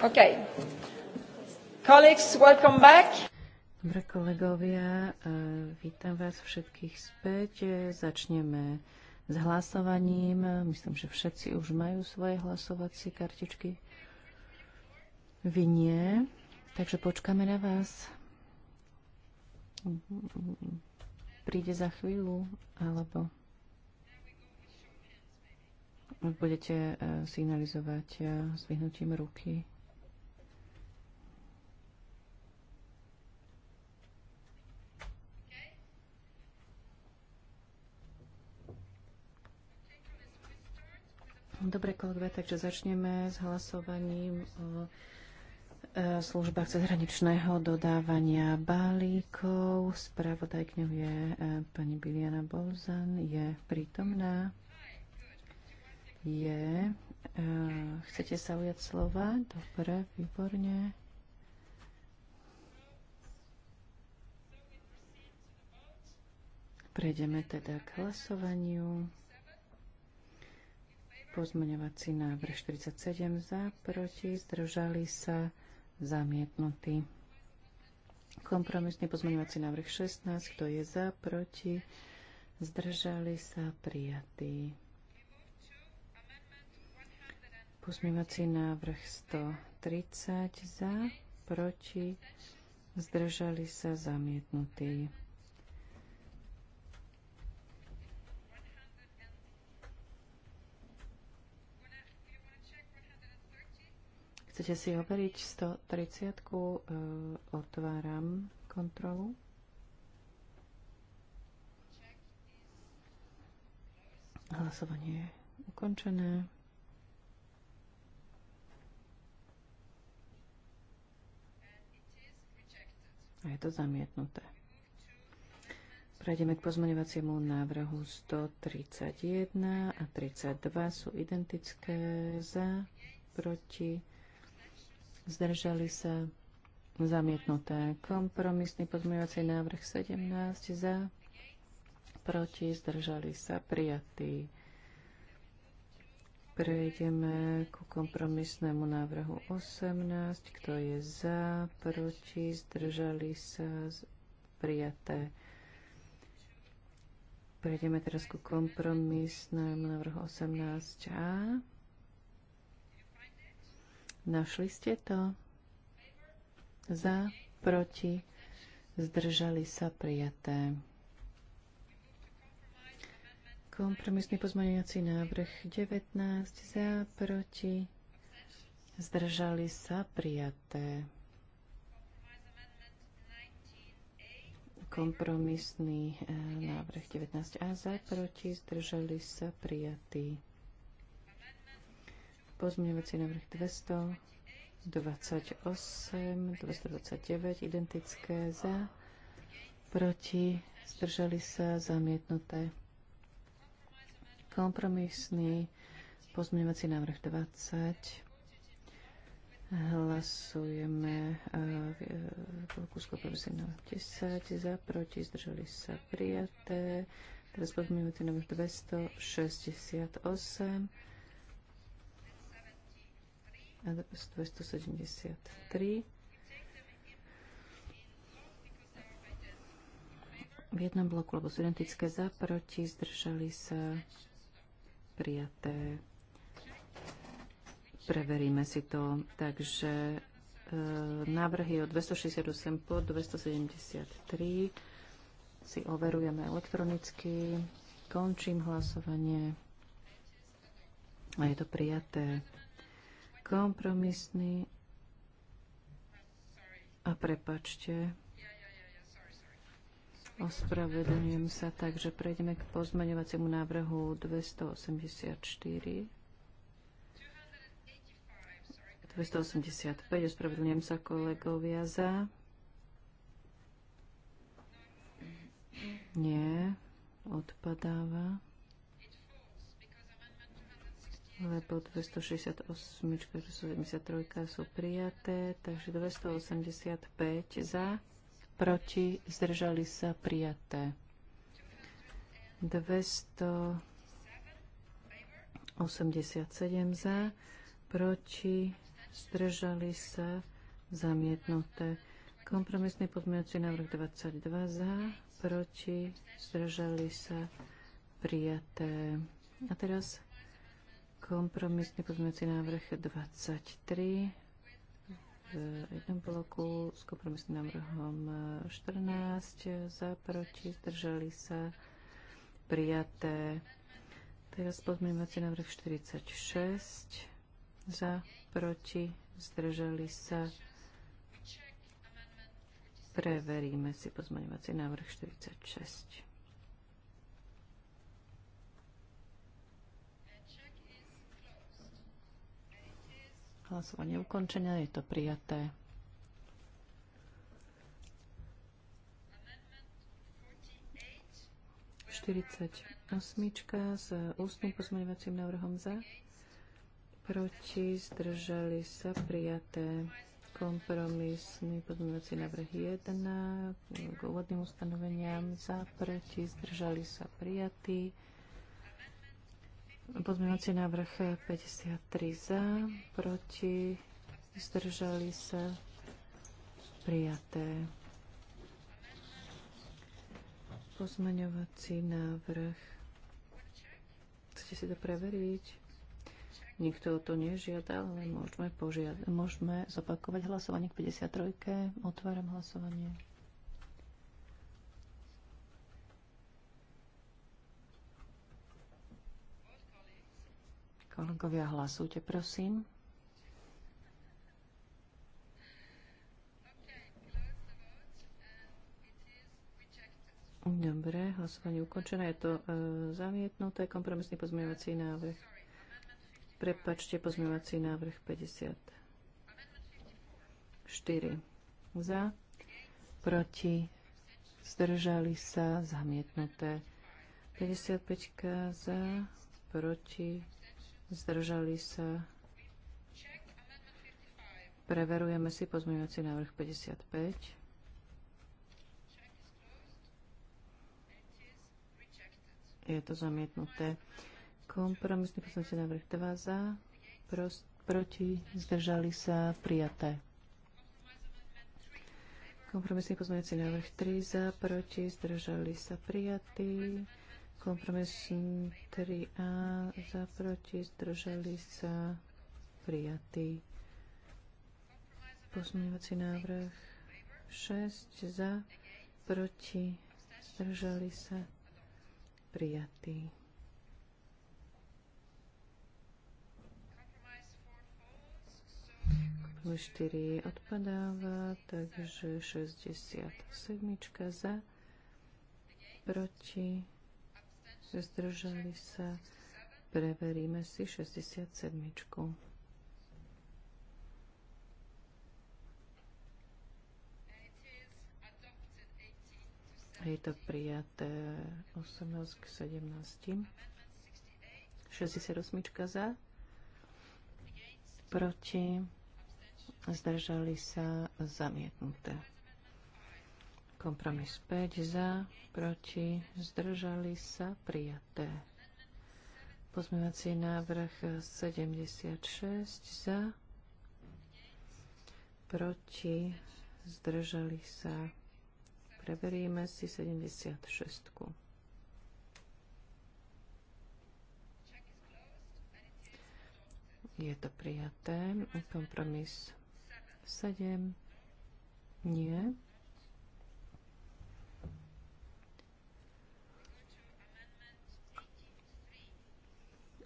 Dobre kolegovia, e, vítam vás všetkých späť. E, začneme s hlasovaním. Myslím, že všetci už majú svoje hlasovacie kartičky. Vy nie. Takže počkáme na vás. Príde za chvíľu, alebo budete e, signalizovať s vyhnutím ruky. Dobre, kolegové, takže začneme s hlasovaním o e, službách cezhraničného dodávania balíkov. Spravodajkňou je e, pani Biliana Bolzan, je prítomná. Je. E, chcete sa ujať slova? Dobre, výborne. Prejdeme teda k hlasovaniu. Pozmeňovací návrh 47 za, proti, zdržali sa, zamietnutý. Kompromisný pozmeňovací návrh 16, kto je za, proti, zdržali sa, prijatý. Pozmeňovací návrh 130 za, proti, zdržali sa, zamietnutý. Chcete si overiť 130? Uh, e, Otváram kontrolu. Hlasovanie je ukončené. A je to zamietnuté. Prejdeme k pozmeňovaciemu návrhu 131 a 32 sú identické za, proti zdržali sa zamietnuté. Kompromisný pozmeňovací návrh 17 za, proti, zdržali sa prijatý. Prejdeme ku kompromisnému návrhu 18. Kto je za, proti, zdržali sa, prijaté. Prejdeme teraz ku kompromisnému návrhu 18a. Našli ste to? Za, proti, zdržali sa prijaté. Kompromisný pozmeňovací návrh 19 za, proti, zdržali sa prijaté. Kompromisný eh, návrh 19a za, proti, zdržali sa prijatý. Pozmeňovací návrh 228, 229, identické za, proti, zdržali sa, zamietnuté. Kompromisný pozmeňovací návrh 20. Hlasujeme eh, kúsko uh, návrh 10, za, proti, zdržali sa, prijaté. Teraz pozmeňovací návrh 268 273. V jednom bloku, lebo sú identické za, proti, zdržali sa prijaté. Preveríme si to. Takže e, návrhy od 268 po 273 si overujeme elektronicky. Končím hlasovanie. A je to prijaté. Kompromisný. A prepačte. Ospravedlňujem sa, takže prejdeme k pozmeňovaciemu návrhu 284. 285, ospravedlňujem sa kolegovia za. Nie, odpadáva lebo 268 a sú prijaté, takže 285 za, proti, zdržali sa prijaté. 287 za, proti, zdržali sa zamietnuté. Kompromisný podmienujúci návrh 22 za, proti, zdržali sa prijaté. A teraz Kompromisný pozmeňujúci návrh 23 v jednom bloku s kompromisným návrhom 14 za, proti, zdržali sa prijaté. Teraz pozmeňovací návrh 46 za, proti, zdržali sa Preveríme si pozmeňovací návrh 46. Hlasovanie ukončenia ukončené, je to prijaté. osmička s ústnym pozmeňovacím návrhom za. Proti zdržali sa prijaté kompromisný pozmeňovací návrh 1 k úvodným ustanoveniam za proti zdržali sa prijatí. Pozmeňovací návrh 53 za, proti, zdržali sa, prijaté. Pozmeňovací návrh. Chcete si to preveriť? Nikto to nežiada, ale môžeme, požiada- môžeme zopakovať hlasovanie k 53. Otváram hlasovanie. Kolegovia, hlasujte, prosím. Dobre, hlasovanie ukončené. Je to e, zamietnuté. Kompromisný pozmeňovací návrh. Prepačte, pozmeňovací návrh 50. 4. Za, proti, zdržali sa, zamietnuté. 55 za, proti, Zdržali sa. Preverujeme si pozmeňovací návrh 55. Je to zamietnuté. Kompromisný pozmeňovací návrh 2 za, prost, proti, zdržali sa, prijaté. Kompromisný pozmeňovací návrh 3 za, proti, zdržali sa, prijatý. Kompromis 3A za proti zdržali sa prijatý. Pozmeňovací návrh 6 za proti zdržali sa prijatý. Kompromis 4 odpadáva, takže 67 za proti zdržali sa. Preveríme si 67. Je to prijaté 18 k 17. 68 za. Proti. Zdržali sa zamietnuté. Kompromis 5 za, proti, zdržali sa, prijaté. Pozmievací návrh 76 za, proti, zdržali sa. Preveríme si 76. Je to prijaté. Kompromis 7. Nie.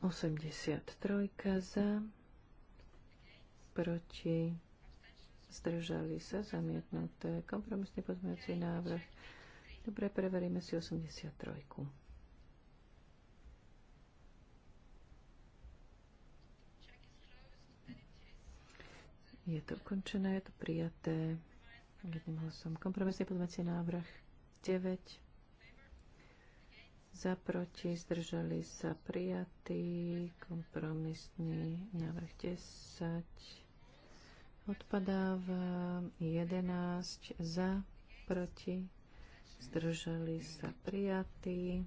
83 za, proti, zdržali sa, zamietnuté. Kompromisný pozmeňujúci návrh. Dobre, preveríme si 83. Je to ukončené, je to prijaté. Jedným hlasom. Kompromisný pozmeňujúci návrh 9 za proti, zdržali sa prijatý, kompromisný návrh 10, odpadáva 11, za proti, zdržali sa prijatý,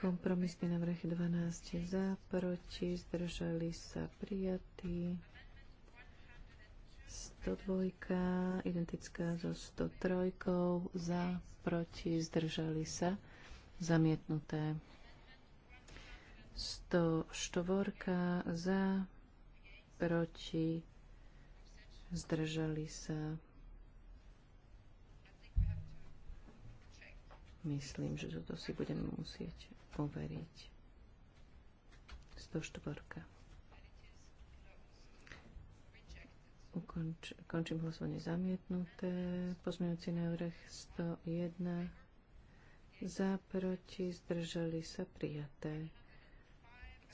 kompromisný návrh 12, za proti, zdržali sa prijatý, 102, identická so 103, za, proti, zdržali sa. Zamietnuté. 104 za, proti, zdržali sa. Myslím, že toto si budeme musieť overiť. 104. končím hlasovanie zamietnuté. Pozmeňujúci návrh 101 za, proti, zdržali sa prijaté.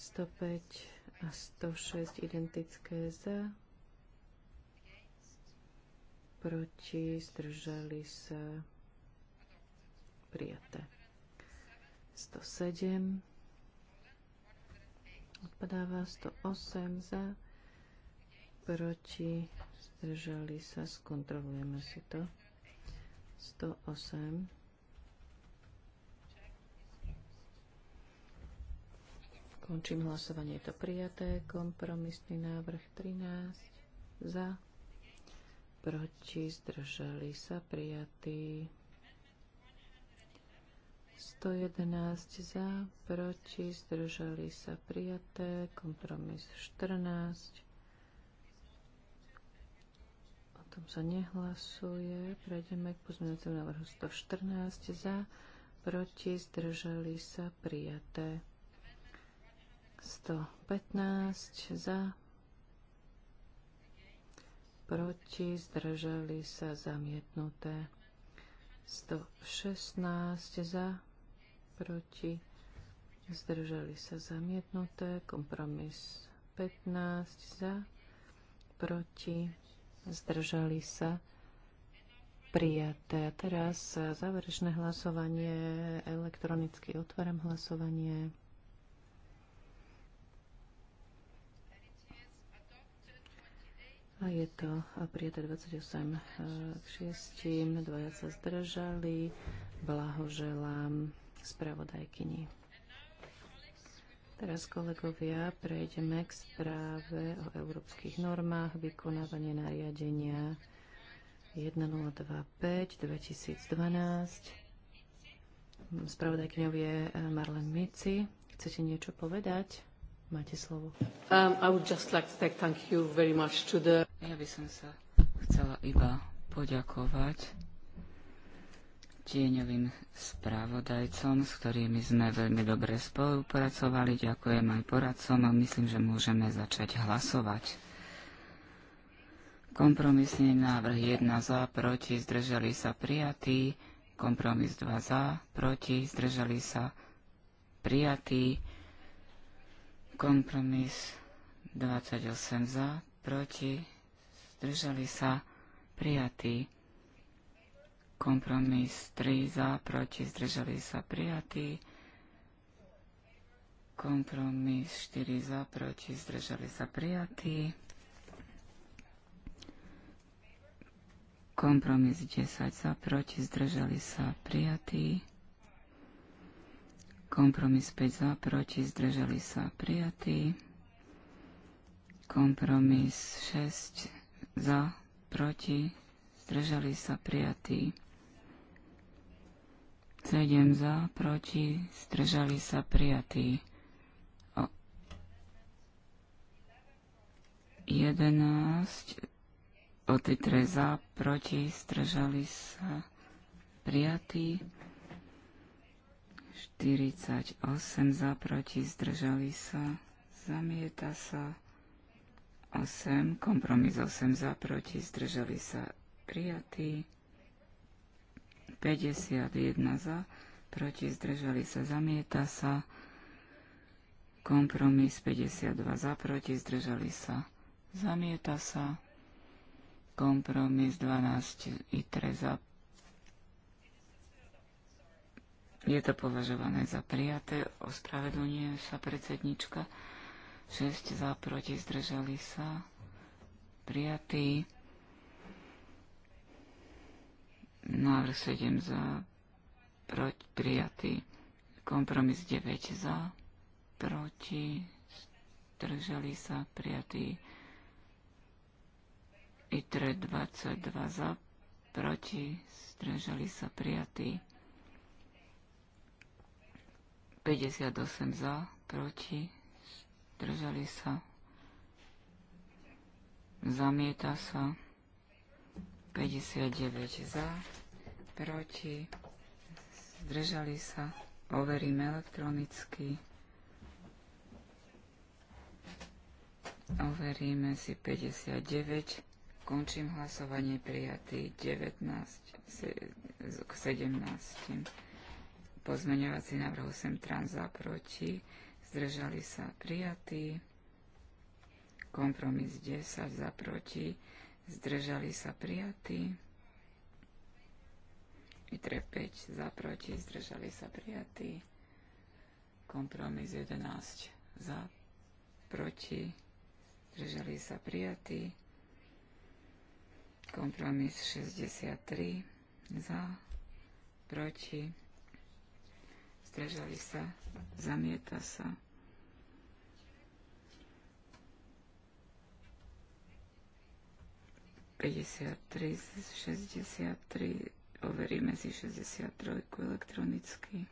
105 a 106 identické za, proti, zdržali sa prijaté. 107 odpadáva, 108 za, proti, zdržali sa, skontrolujeme si to. 108 Končím hlasovanie. Je to prijaté. Kompromisný návrh 13. Za. Proti. Zdržali sa. Prijatý. 111 za, proti, zdržali sa prijaté, kompromis 14. O tom sa nehlasuje. Prejdeme k pozmeňujúcemu návrhu 114 za, proti, zdržali sa prijaté. 115 za, proti, zdržali sa zamietnuté. 116 za, proti, zdržali sa zamietnuté. Kompromis 15 za, proti, zdržali sa prijaté. A teraz záverečné hlasovanie, elektronicky otváram hlasovanie. A je to prijaté 28 e, k 6. Dvaja sa zdržali. Blahoželám spravodajkyni. Teraz, kolegovia, prejdeme k správe o európskych normách vykonávanie nariadenia 1025 2012. Spravodajkňou je e, Marlen Mici. Chcete niečo povedať? Máte slovo. Um, ja by som sa chcela iba poďakovať tieňovým správodajcom, s ktorými sme veľmi dobre spolupracovali. Ďakujem aj poradcom a myslím, že môžeme začať hlasovať. Kompromisný návrh 1 za, proti, zdržali sa prijatí. Kompromis 2 za, proti, zdržali sa prijatí. Kompromis 28 za, proti, zdržali sa, prijatý. Kompromis 3 za, proti, zdržali sa, prijatý. Kompromis 4 za, proti, zdržali sa, prijatý. Kompromis 10 za, proti, zdržali sa, prijatý. Kompromis 5 za, proti, zdržali sa prijatí. Kompromis 6 za, proti, zdržali sa prijatí. 7 za, proti, zdržali sa prijatí. 11 od 3 za, proti, zdržali sa prijatí. 48 za, proti, zdržali sa, zamieta sa. 8, kompromis 8 za, proti, zdržali sa, prijatý. 51 za, proti, zdržali sa, zamieta sa. Kompromis 52 za, proti, zdržali sa, zamieta sa. Kompromis 12 i 3 za, Je to považované za prijaté. Ospravedlňuje sa predsednička. 6 za, proti, zdržali sa. Prijatý. Návrh 7 za, proti, prijatý. Kompromis 9 za, proti, zdržali sa, prijatý. ITRE 22 za, proti, zdržali sa, prijatý. 58 za, proti, zdržali sa, zamieta sa, 59 za, proti, zdržali sa, overím elektronicky, overíme si 59, končím hlasovanie prijatý 19 k 17. Pozmeňovací návrh 8 trans za proti. Zdržali sa prijatí. Kompromis 10 za proti. Zdržali sa prijatí. Vitre 5 za proti. Zdržali sa prijatí. Kompromis 11 za proti. Zdržali sa prijatí. Kompromis 63 za proti zdržali sa, zamieta sa. Päťdesiattri, šesťdesiattri, overíme si 63 elektronicky.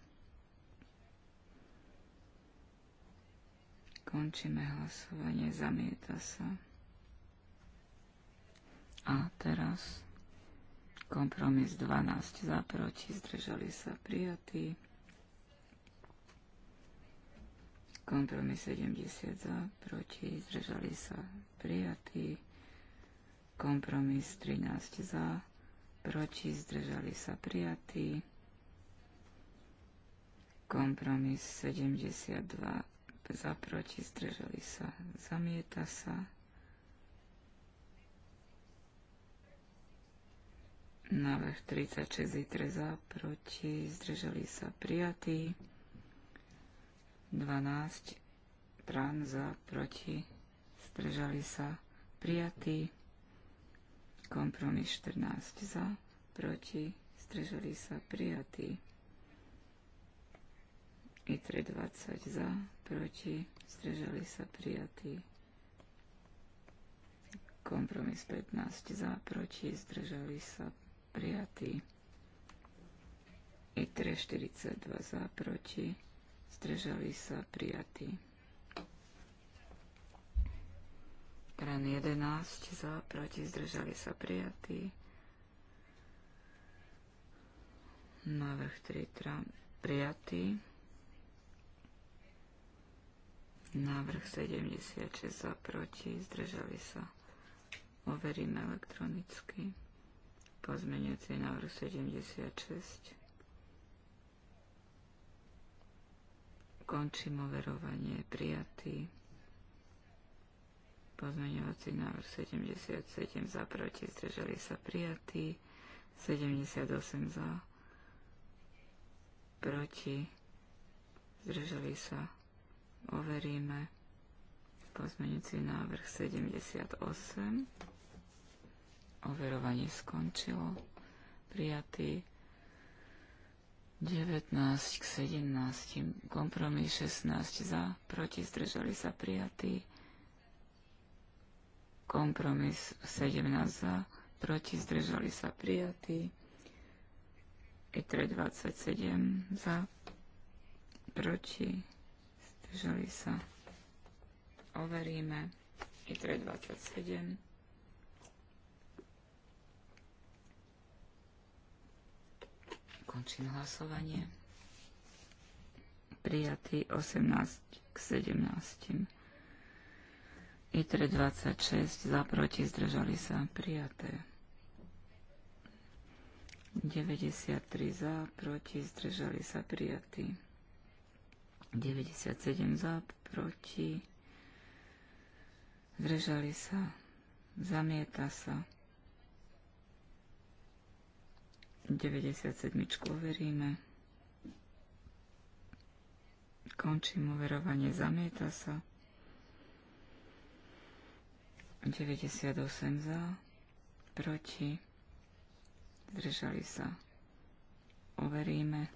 Končíme hlasovanie, zamieta sa. A teraz kompromis 12 za proti, zdržali sa prijatí. Kompromis 70 za, proti, zdržali sa prijatí. Kompromis 13 za, proti, zdržali sa prijatí. Kompromis 72 za, proti, zdržali sa, zamieta sa. Návrh 36 za, proti, zdržali sa prijatí. 12 prán za, proti, zdržali sa, prijatí, Kompromis 14 za, proti, zdržali sa, prijatí, ITRE 20 za, proti, zdržali sa, prijatí, Kompromis 15 za, proti, zdržali sa, prijatí ITRE 42 za, proti, Zdržali sa prijatí. Tran 11 za, proti, zdržali sa prijatí. Návrh 3 tran Návrh 76 za, proti, zdržali sa. Overíme elektronicky. Pozmeniaci návrh 76. Končím overovanie. Prijatý. Pozmeňovací návrh 77 za proti. Zdržali sa prijatý. 78 za proti. Zdržali sa. Overíme. Pozmeňovací návrh 78. Overovanie skončilo. Prijatý. 19 k 17. Kompromis 16 za, proti zdržali sa prijatí. Kompromis 17 za, proti zdržali sa prijatí. ITRE 27 za, proti zdržali sa. Overíme. ITRE 27. Končím hlasovanie. Prijatý 18 k 17. ITRE 26 za proti zdržali sa prijaté. 93 za proti zdržali sa prijatí. 97 za proti zdržali sa. Zamieta sa. 97 overíme. Končím overovanie, zamieta sa. 98 za, proti, zdržali sa. Overíme.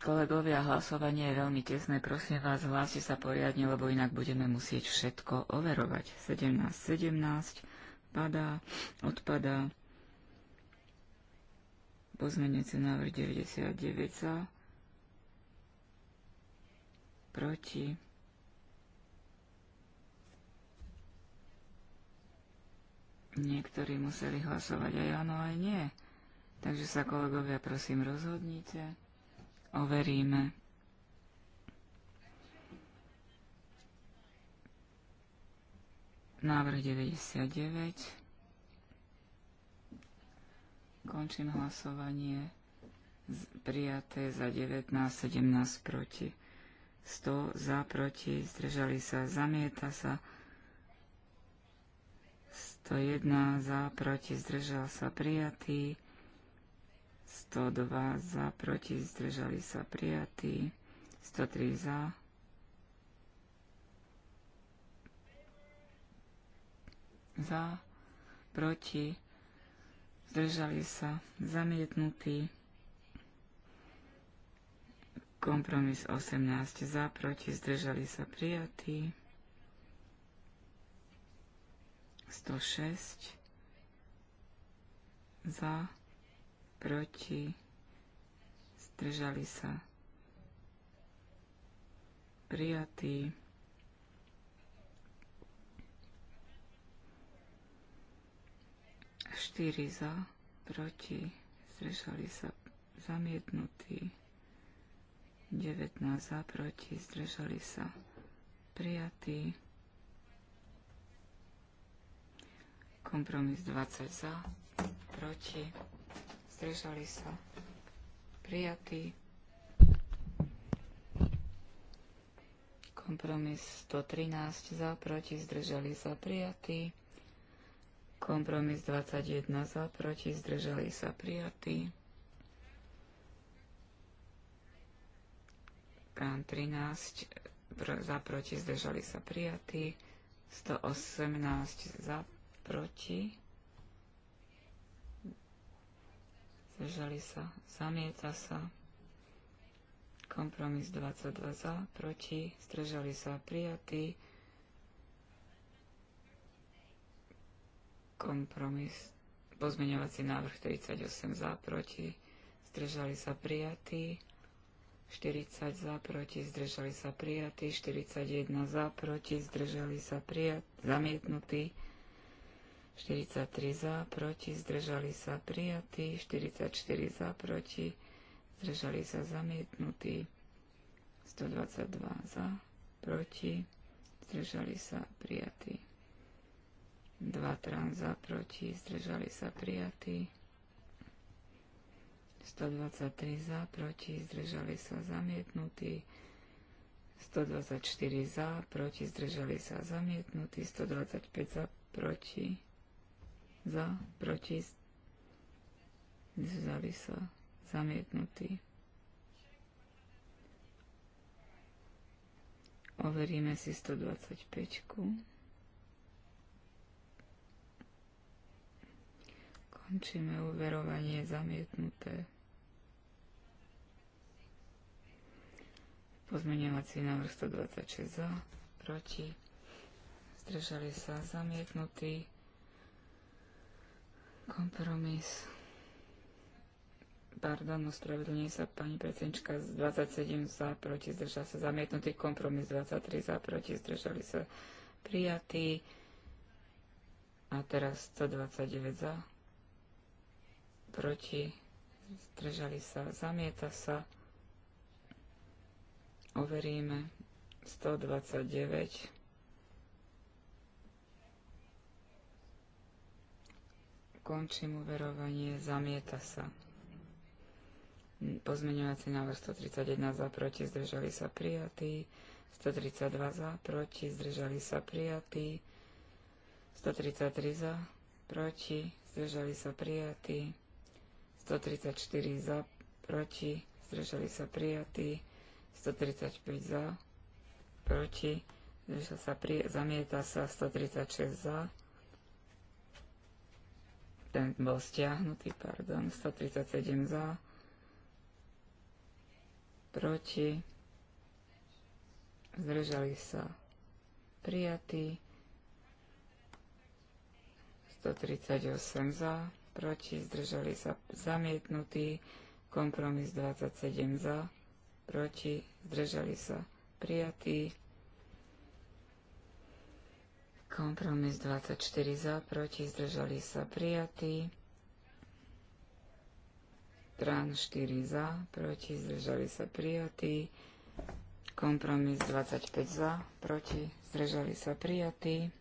Kolegovia, hlasovanie je veľmi tesné. Prosím vás, hláste sa poriadne, lebo inak budeme musieť všetko overovať. 17, 17 padá, odpadá. Pozmenujúci návrh 99 za, proti. Niektorí museli hlasovať aj áno, aj nie. Takže sa kolegovia, prosím, rozhodnite. Overíme. Návrh 99. Končím hlasovanie. Prijaté za 19, 17 proti. 100 za proti, zdržali sa, zamieta sa. 101 za proti, zdržal sa, prijatý. 102 za proti, zdržali sa, prijatý. 103 za za, proti, zdržali sa, zamietnutý. Kompromis 18 za, proti, zdržali sa, prijatý. 106 za, proti, zdržali sa, prijatý. 4 za, proti, zdržali sa zamietnutí, 19 za, proti, zdržali sa prijatí, kompromis 20 za, proti, zdržali sa prijatí, kompromis 113 za, proti, zdržali sa prijatí, Kompromis 21 za, proti, zdržali sa prijatí. Kán 13 pro, za, proti, zdržali sa prijatí. 118 za, proti. Zdržali sa, zamieta sa. Kompromis 22 za, proti, zdržali sa prijatí. Kompromis. Pozmeňovací návrh 38 za, proti. Zdržali sa prijatí. 40 za, proti, zdržali sa prijatí, 41 za, proti, zdržali sa prijatí, zamietnutí, 43 za, proti, zdržali sa prijatí, 44 za, proti, zdržali sa zamietnutí, 122 za, proti, zdržali sa prijatí, 2 trans za, proti, zdržali sa prijatí. 123 za, proti, zdržali sa zamietnutí. 124 za, proti, zdržali sa zamietnutí. 125 za, proti, za, proti, zdržali sa zamietnutí. Overíme si 125. Končíme uverovanie zamietnuté. Pozmeňovací návrh 126 za, proti, zdržali sa zamietnutý kompromis. Pardon, ospravedlňuje sa pani predsednička z 27 za, proti, zdržal sa zamietnutý kompromis, 23 za, proti, zdržali sa prijatý. A teraz 129 za, proti, zdržali sa, zamieta sa. Overíme 129. Končím uverovanie, zamieta sa. Pozmeňovací návrh 131 za, proti, zdržali sa, prijatí, 132 za, proti, zdržali sa, prijatí, 133 za, proti, zdržali sa, prijatí. 134 za, proti, zdržali sa prijatí, 135 za, proti, zdržal sa pri, zamieta sa 136 za, ten bol stiahnutý, pardon, 137 za, proti, zdržali sa prijatí, 138 za, proti, zdržali sa zamietnutí, kompromis 27 za, proti, zdržali sa prijatí, kompromis 24 za, proti, zdržali sa prijatí, Tran 4 za, proti, zdržali sa prijatí. Kompromis 25 za, proti, zdržali sa prijatí.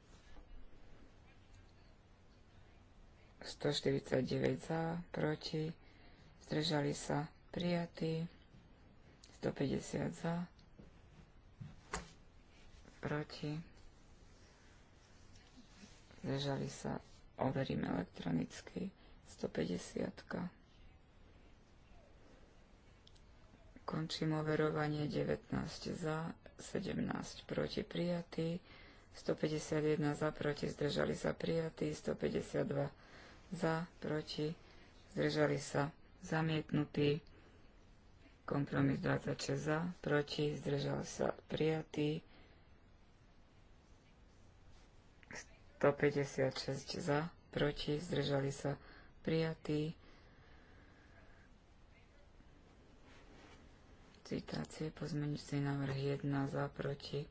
149 za, proti, zdržali sa prijatí, 150 za, proti, zdržali sa, overím elektronicky, 150. Končím overovanie 19 za, 17 proti prijatí, 151 za, proti zdržali sa prijatí, 152 za, proti, zdržali sa, zamietnutý, kompromis 26 za, proti, zdržal sa, prijatý, 156 za, proti, zdržali sa, prijatý, citácie, pozmeňujúci návrh 1 za, proti,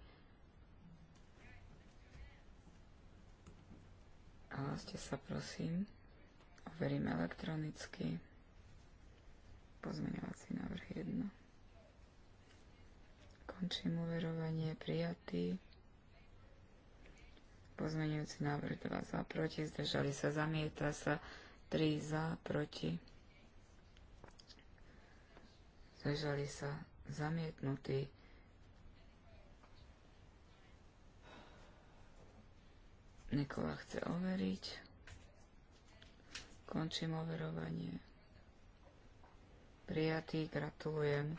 hláste sa prosím. Overíme elektronicky. Pozmeňovací návrh 1. Končím uverovanie. Prijatý. Pozmeňujúci návrh 2 za, proti, zdržali sa, zamieta sa, 3 za, proti, zdržali sa, zamietnutý. Nikola chce overiť. Končím overovanie. Prijatý, gratulujem.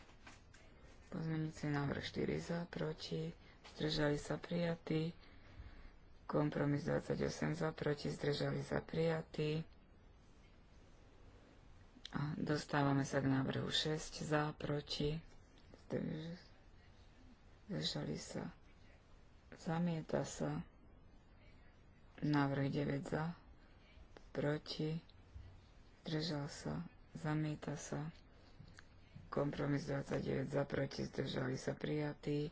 Pozmeňujúci návrh 4 za, proti, zdržali sa prijatí. Kompromis 28 za, proti, zdržali sa prijatí. A dostávame sa k návrhu 6 za, proti, zdržali sa, zamieta sa. Návrh 9 za, proti, zdržal sa, zamieta sa, kompromis 29 za, proti, zdržali sa prijatí,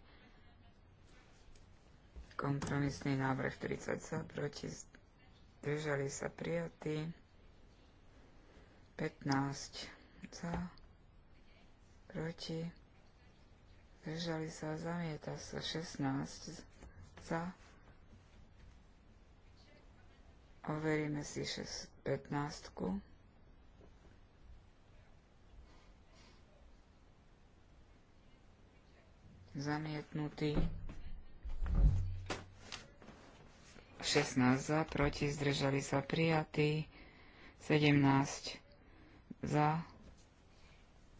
kompromisný návrh 30 za, proti, zdržali sa prijatí, 15 za, proti, zdržali sa, zamieta sa, 16 za, overíme si 15. zamietnutý. 16 za, proti, zdržali sa prijatí. 17 za,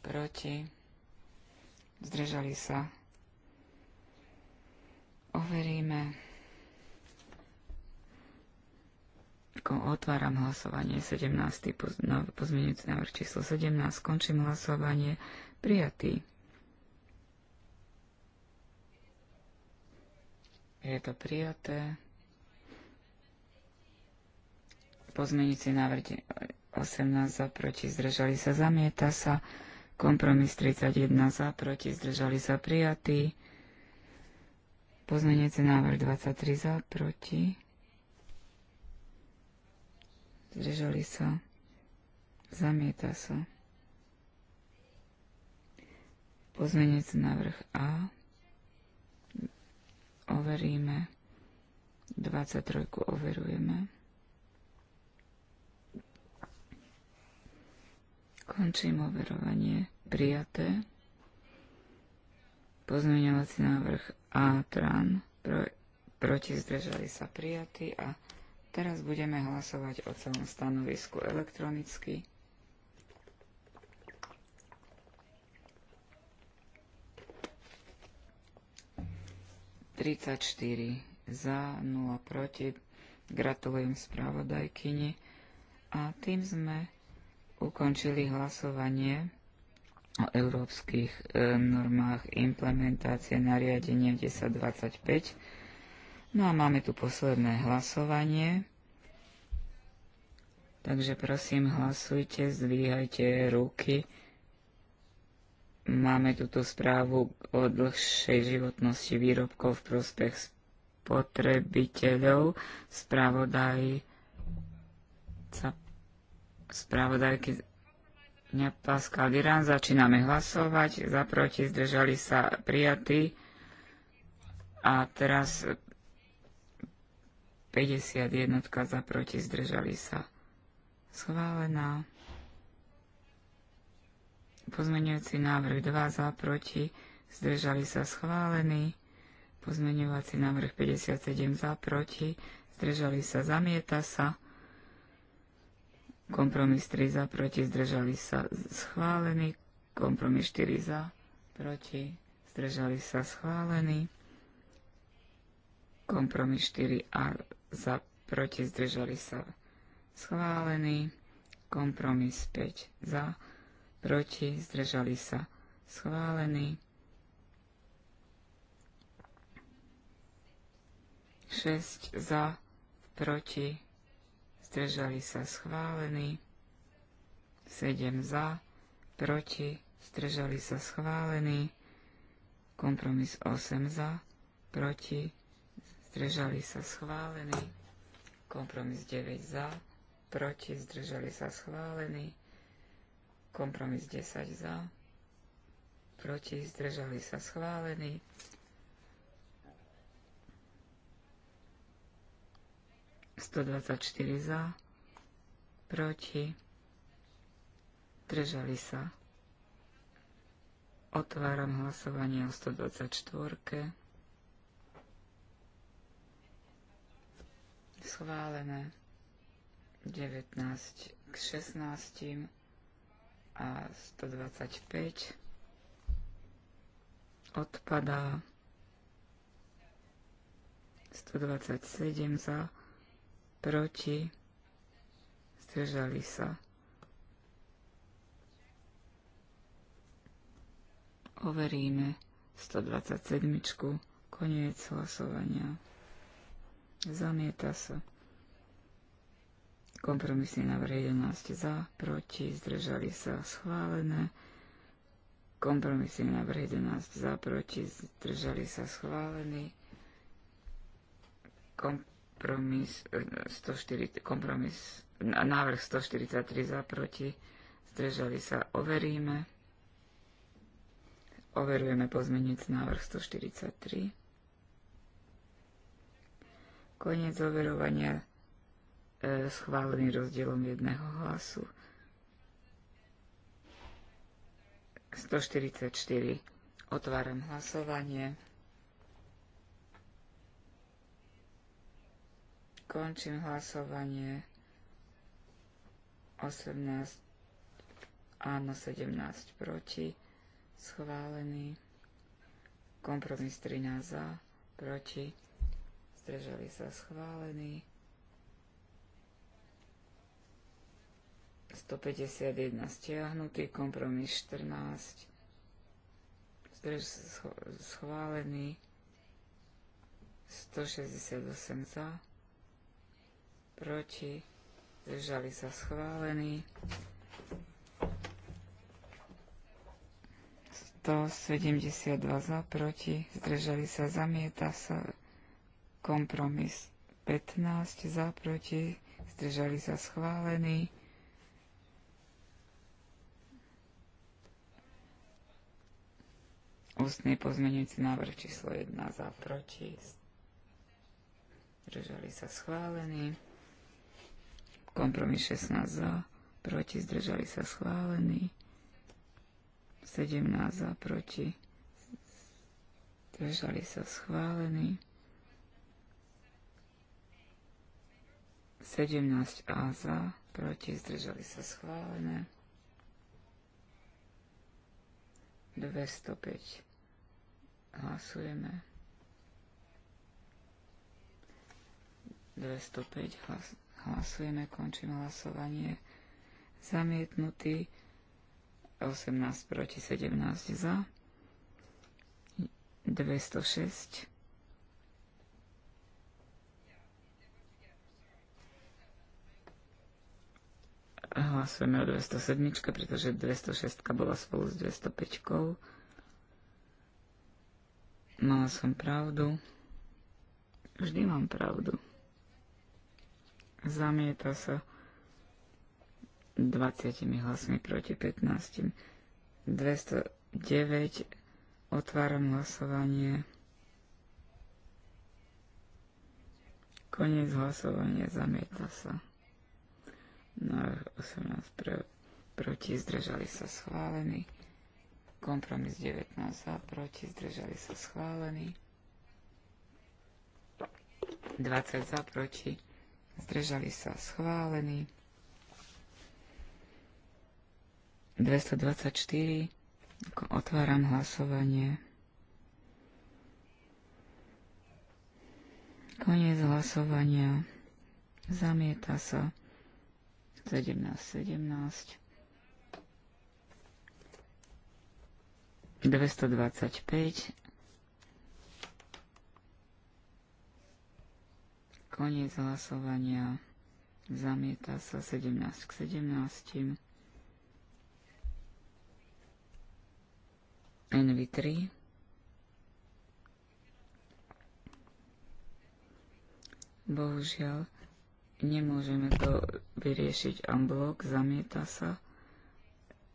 proti, zdržali sa. Overíme. Otváram hlasovanie 17. No, pozmeňujúci návrh číslo 17. Končím hlasovanie. Prijatý. Je to prijaté. Pozmeňujúci návrh 18 za, proti, zdržali sa, zamieta sa. Kompromis 31 za, proti, zdržali sa, prijatý. Pozmeňujúci návrh 23 za, proti. Zdržali sa. Zamieta sa. Pozmeňujúci návrh A overíme. 23 overujeme. Končím overovanie. Prijaté. Pozmeňovací návrh A tran. Pro, proti zdržali sa prijatí a teraz budeme hlasovať o celom stanovisku elektronicky. 34 za, 0 proti. Gratulujem spravodajkyni. A tým sme ukončili hlasovanie o európskych e, normách implementácie nariadenia 1025. No a máme tu posledné hlasovanie. Takže prosím, hlasujte, zdvíhajte ruky. Máme túto správu o dlhšej životnosti výrobkov v prospech spotrebiteľov. Správodaj spravodajky Mňa Pascal Dirán, začíname hlasovať. Za proti zdržali sa prijatí. A teraz 51 za proti zdržali sa schválená. Pozmeňujúci návrh 2 za, proti, zdržali sa schválený. Pozmeňovací návrh 57 za, proti, zdržali sa, zamieta sa. Kompromis 3 za, proti, zdržali sa, schválený. Kompromis 4 za, proti, zdržali sa, schválený. Kompromis 4 a za, proti, zdržali sa, schválený. Kompromis 5 za, proti, proti, zdržali sa schválený. 6 za, proti, zdržali sa schválený. 7 za, proti, zdržali sa schválený. Kompromis 8 za, proti, zdržali sa schválený. Kompromis 9 za, proti, zdržali sa schválený. Kompromis 10 za. Proti zdržali sa schválení. Sto dvadsať štyri za. Proti. Držali sa. Otváram hlasovanie o 124. -ke. Schválené 19 k 16 a 125 odpadá 127 za proti zdržali sa overíme 127 koniec hlasovania zamieta sa Kompromisný návrh 11 za, proti, zdržali sa schválené. Kompromisný návrh 11 za, proti, zdržali sa schválený. Kompromis, 104, eh, kompromis, návrh 143 za, proti, zdržali sa, overíme. Overujeme pozmeniť návrh 143. Koniec overovania E, schválený rozdielom jedného hlasu. 144. Otváram hlasovanie. Končím hlasovanie. 18 áno, 17 proti. Schválený. Kompromis 13 za, proti. Zdržali sa schválený. 151 stiahnutý, kompromis 14 schválený, 168 za, proti, zdržali sa schválený, 172 za, proti, zdržali sa, zamieta sa, kompromis 15 za, proti, zdržali sa schválený, Ústny pozmenujúci návrh číslo 1 za proti. Zdržali sa schválení. Kompromis 16 za proti. Zdržali sa schválení. 17 za proti. Zdržali sa schválení. 17 a za proti. Zdržali sa schválené. 205 Hlasujeme. 205. Hlas, hlasujeme. Končím hlasovanie. Zamietnutý. 18 proti 17 za. 206. Hlasujeme o 207, pretože 206 bola spolu s 205. Mala som pravdu. Vždy mám pravdu. Zamieta sa 20 hlasmi proti 15. 209. Otváram hlasovanie. Koniec hlasovania. Zamieta sa. No 18 pre, proti. Zdržali sa schválení. Kompromis 19 za, proti, zdržali sa schválený. 20 za, proti, zdržali sa schválení. 224, otváram hlasovanie. Koniec hlasovania. Zamieta sa. 17, 17. 225. Koniec hlasovania. Zamieta sa 17 k 17. NV3. Bohužiaľ, nemôžeme to vyriešiť unblock, zamieta sa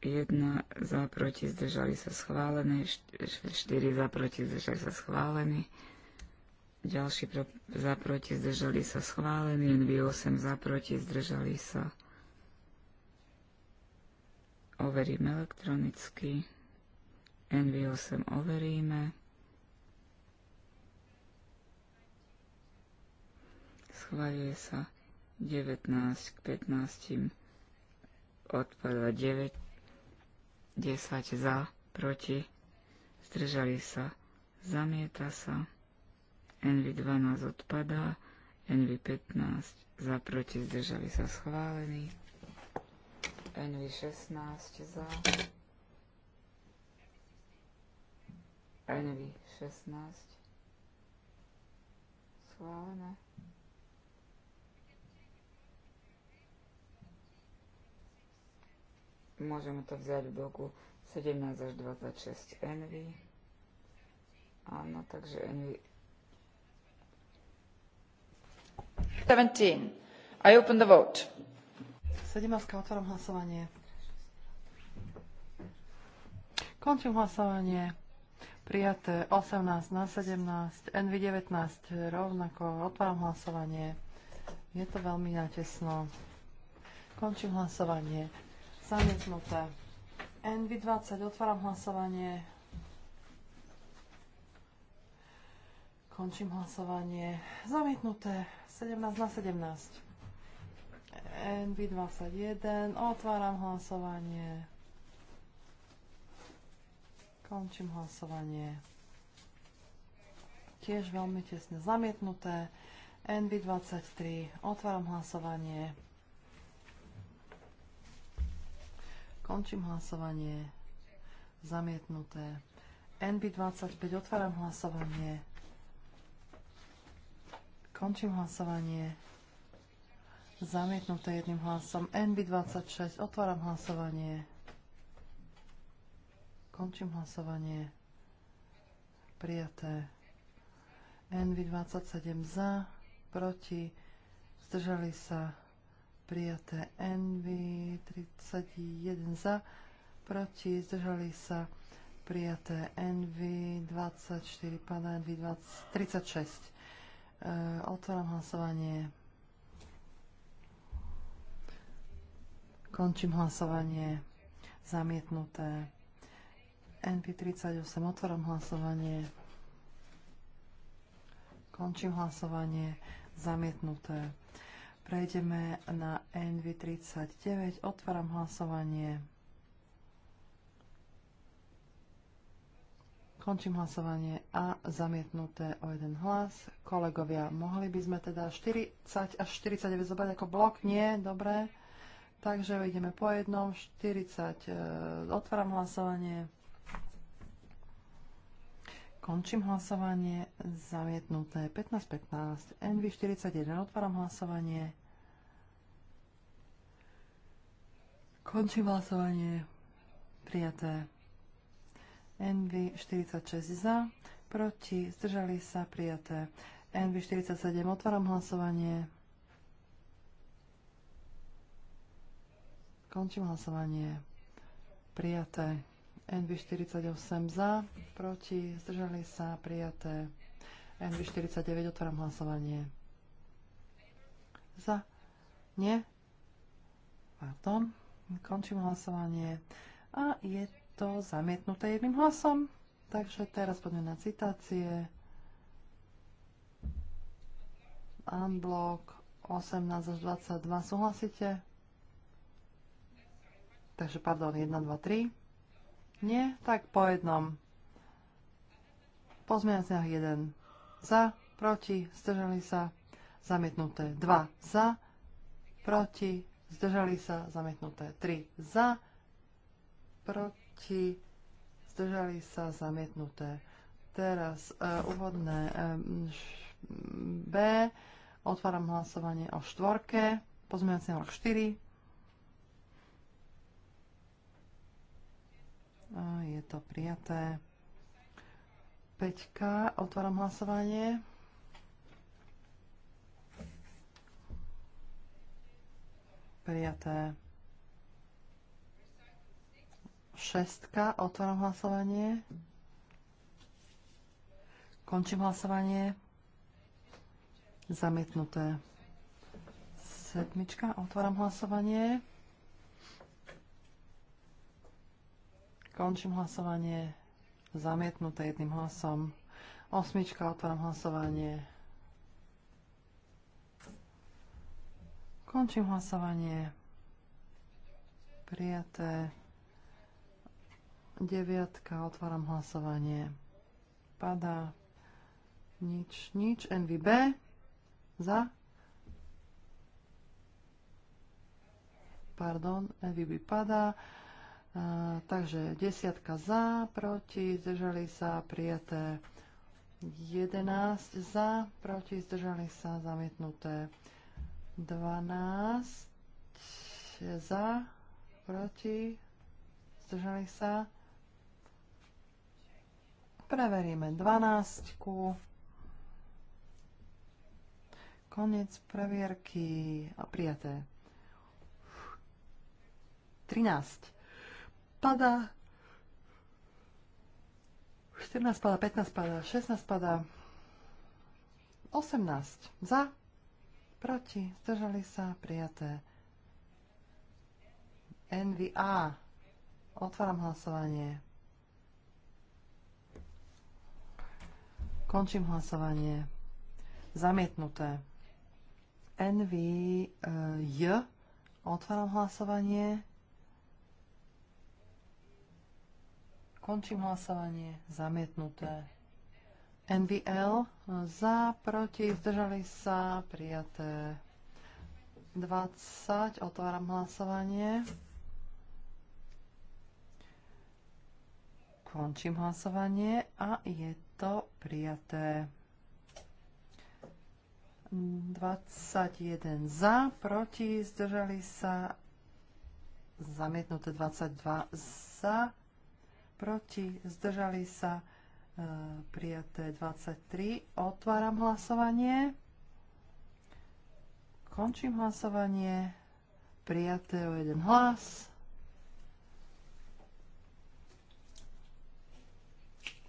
1 za proti zdržali sa schválené, 4 za proti zdržali sa schválený, ďalší pro, za proti zdržali sa schválený, NV8 za proti zdržali sa. Overíme elektronicky, NV8 overíme. Schváluje sa 19 k 15 odpada 9 10 za, proti, zdržali sa, zamieta sa, NV12 odpadá, NV15 za, proti, zdržali sa, schválený, NV16 za, NV16 schválené. Môžeme to vziať v bloku 17 až 26 envy. Áno, takže envy 17. I open the vote. 17. Otváram hlasovanie. Končím hlasovanie. Prijaté 18 na 17, NV 19 rovnako. Otváram hlasovanie. Je to veľmi natesno. Končím hlasovanie. Zamietnuté. NV20, otváram hlasovanie. Končím hlasovanie. Zamietnuté. 17 na 17. NV21, otváram hlasovanie. Končím hlasovanie. Tiež veľmi tesne zamietnuté. NV23, otváram hlasovanie. Končím hlasovanie. Zamietnuté. NB25. Otváram hlasovanie. Končím hlasovanie. Zamietnuté jedným hlasom. NB26. Otváram hlasovanie. Končím hlasovanie. Prijaté. nb 27 za, proti, zdržali sa prijaté NV 31 za, proti zdržali sa prijaté NV 24, pána NV 36. E, otváram hlasovanie. Končím hlasovanie. Zamietnuté. NV 38. Otváram hlasovanie. Končím hlasovanie. Zamietnuté. Prejdeme na NV39. Otváram hlasovanie. Končím hlasovanie a zamietnuté o jeden hlas. Kolegovia, mohli by sme teda 40 až 49 zobrať ako blok? Nie, dobre. Takže ideme po jednom. 40. E, otváram hlasovanie. Končím hlasovanie. Zamietnuté 15.15. NV 41. Otváram hlasovanie. Končím hlasovanie. Prijaté. NV 46 za. Proti. Zdržali sa. Prijaté. NV 47. Otváram hlasovanie. Končím hlasovanie. Prijaté. NV48 za, proti, zdržali sa, prijaté. NV49, otváram hlasovanie. Za, nie, pardon, končím hlasovanie. A je to zamietnuté jedným hlasom. Takže teraz poďme na citácie. Unblock 18 až 22, súhlasíte? Takže pardon, 1, 2, 3. Nie? Tak po jednom. Pozmeňací jeden Za, proti, zdržali sa, zamietnuté. 2. Za, proti, zdržali sa, zamietnuté. 3. Za, proti, zdržali sa, zamietnuté. Teraz uh, úvodné e, B. Otváram hlasovanie o štvorke. Pozmeňací návrh 4. Je to prijaté. Peťka, Otváram hlasovanie. Prijaté. Šestka. Otváram hlasovanie. Končím hlasovanie. Zamietnuté. Sedmička. Otváram hlasovanie. Končím hlasovanie. Zamietnuté jedným hlasom. Osmička, otváram hlasovanie. Končím hlasovanie. Prijaté. Deviatka, otváram hlasovanie. Padá. Nič, nič. NVB. Za. Pardon, NVB padá takže desiatka za, proti, zdržali sa, prijaté 11 za, proti, zdržali sa, zamietnuté 12 za, proti, zdržali sa. Preveríme 12. Konec previerky a prijaté. 13 padá. 14 padá, 15 padá, 16 padá. 18 za, proti, zdržali sa, prijaté. NVA. Otváram hlasovanie. Končím hlasovanie. Zamietnuté. NVJ. Otváram hlasovanie. Končím hlasovanie. Zamietnuté. NBL za, proti, zdržali sa, prijaté. 20, otváram hlasovanie. Končím hlasovanie a je to prijaté. 21 za, proti, zdržali sa, zamietnuté 22 za, proti, zdržali sa e, prijaté 23. Otváram hlasovanie. Končím hlasovanie. Prijaté o jeden hlas.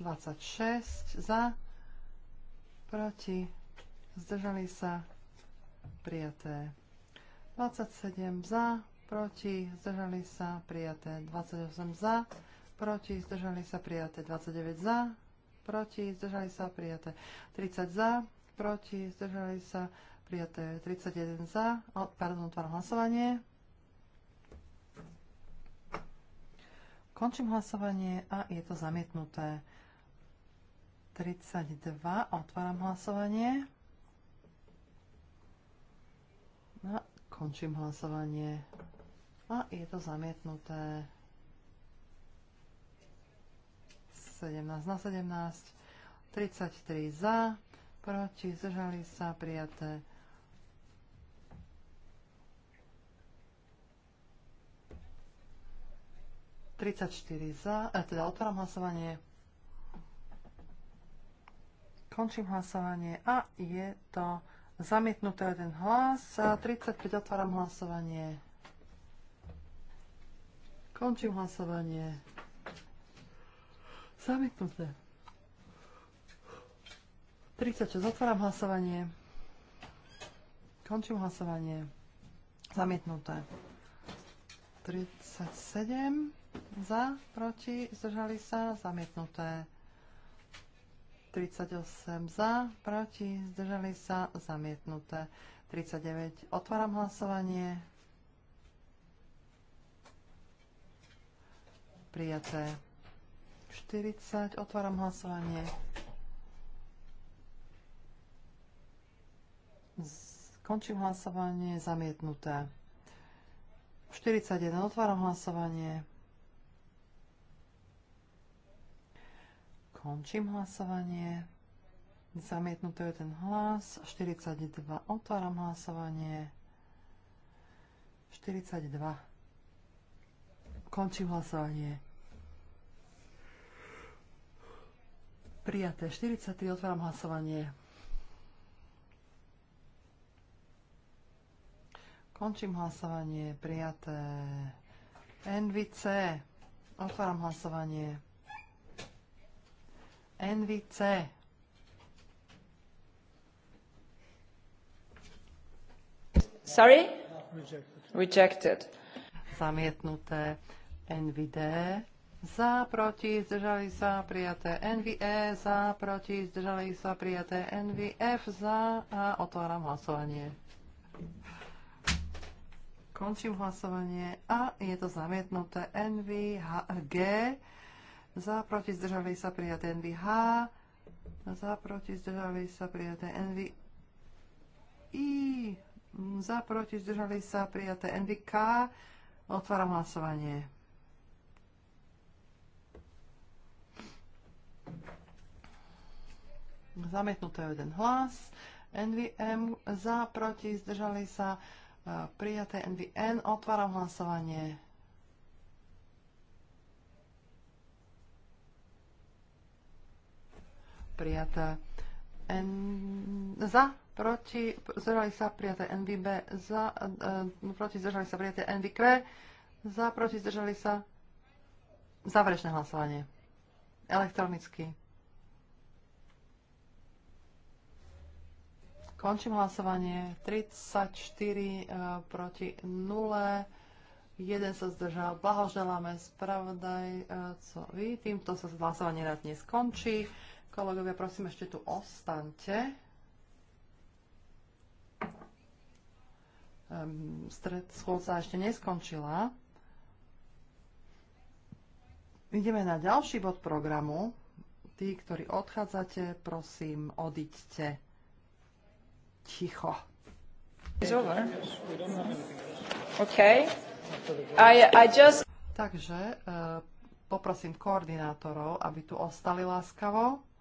26 za, proti, zdržali sa, prijaté. 27 za, proti, zdržali sa, prijaté. 28 za, proti, zdržali sa prijaté 29 za, proti, zdržali sa prijaté 30 za, proti, zdržali sa prijaté 31 za, pardon, otváram hlasovanie. Končím hlasovanie a je to zamietnuté. 32, otváram hlasovanie. A končím hlasovanie. A je to zamietnuté. 17 na 17, 33 za, proti, zdržali sa, prijaté. Tridsaťštyri za, e, teda otváram hlasovanie, končím hlasovanie a je to zamietnuté jeden hlas. 35 otváram hlasovanie. Končím hlasovanie. Zamietnuté. 36. Otváram hlasovanie. Končím hlasovanie. Zamietnuté. 37. Za, proti, zdržali sa. Zamietnuté. 38 za, proti, zdržali sa, zamietnuté. 39. Otváram hlasovanie. Prijaté. 40. Otváram hlasovanie. Končím hlasovanie. Zamietnuté. 41. Otváram hlasovanie. Končím hlasovanie. Zamietnuté je ten hlas. 42. Otváram hlasovanie. 42. Končím hlasovanie. Prijaté 43, otváram hlasovanie. Končím hlasovanie, prijaté. NVC, otváram hlasovanie. NVC. Sorry? Rejected. Rejected. Zamietnuté. NVD za, proti, zdržali sa, prijaté NVE, za, proti, zdržali sa, prijaté NVF, za a otváram hlasovanie. Končím hlasovanie a je to zamietnuté NVG, za, proti, zdržali sa, prijaté NVH, za, proti, zdržali sa, prijaté NVI, za, proti, zdržali sa, prijaté NVK, otváram hlasovanie. Zamietnuté o jeden hlas. NVM za, proti, zdržali sa. E, prijaté NVN. Otváram hlasovanie. Prijaté N... za, proti, zdržali sa prijaté NVB, za, e, proti, zdržali sa prijaté NVQ, za, proti, zdržali sa záverečné hlasovanie. Elektronicky. Končím hlasovanie. 34 e, proti 0. Jeden sa zdržal. Blahoželáme spravodajcovi. Týmto sa hlasovanie na dnes končí. Kolegovia, prosím, ešte tu ostaňte. Ehm, stred schôdza ešte neskončila. Ideme na ďalší bod programu. Tí, ktorí odchádzate, prosím, odiďte ticho. Okay. I, I just... Takže uh, poprosím koordinátorov, aby tu ostali láskavo.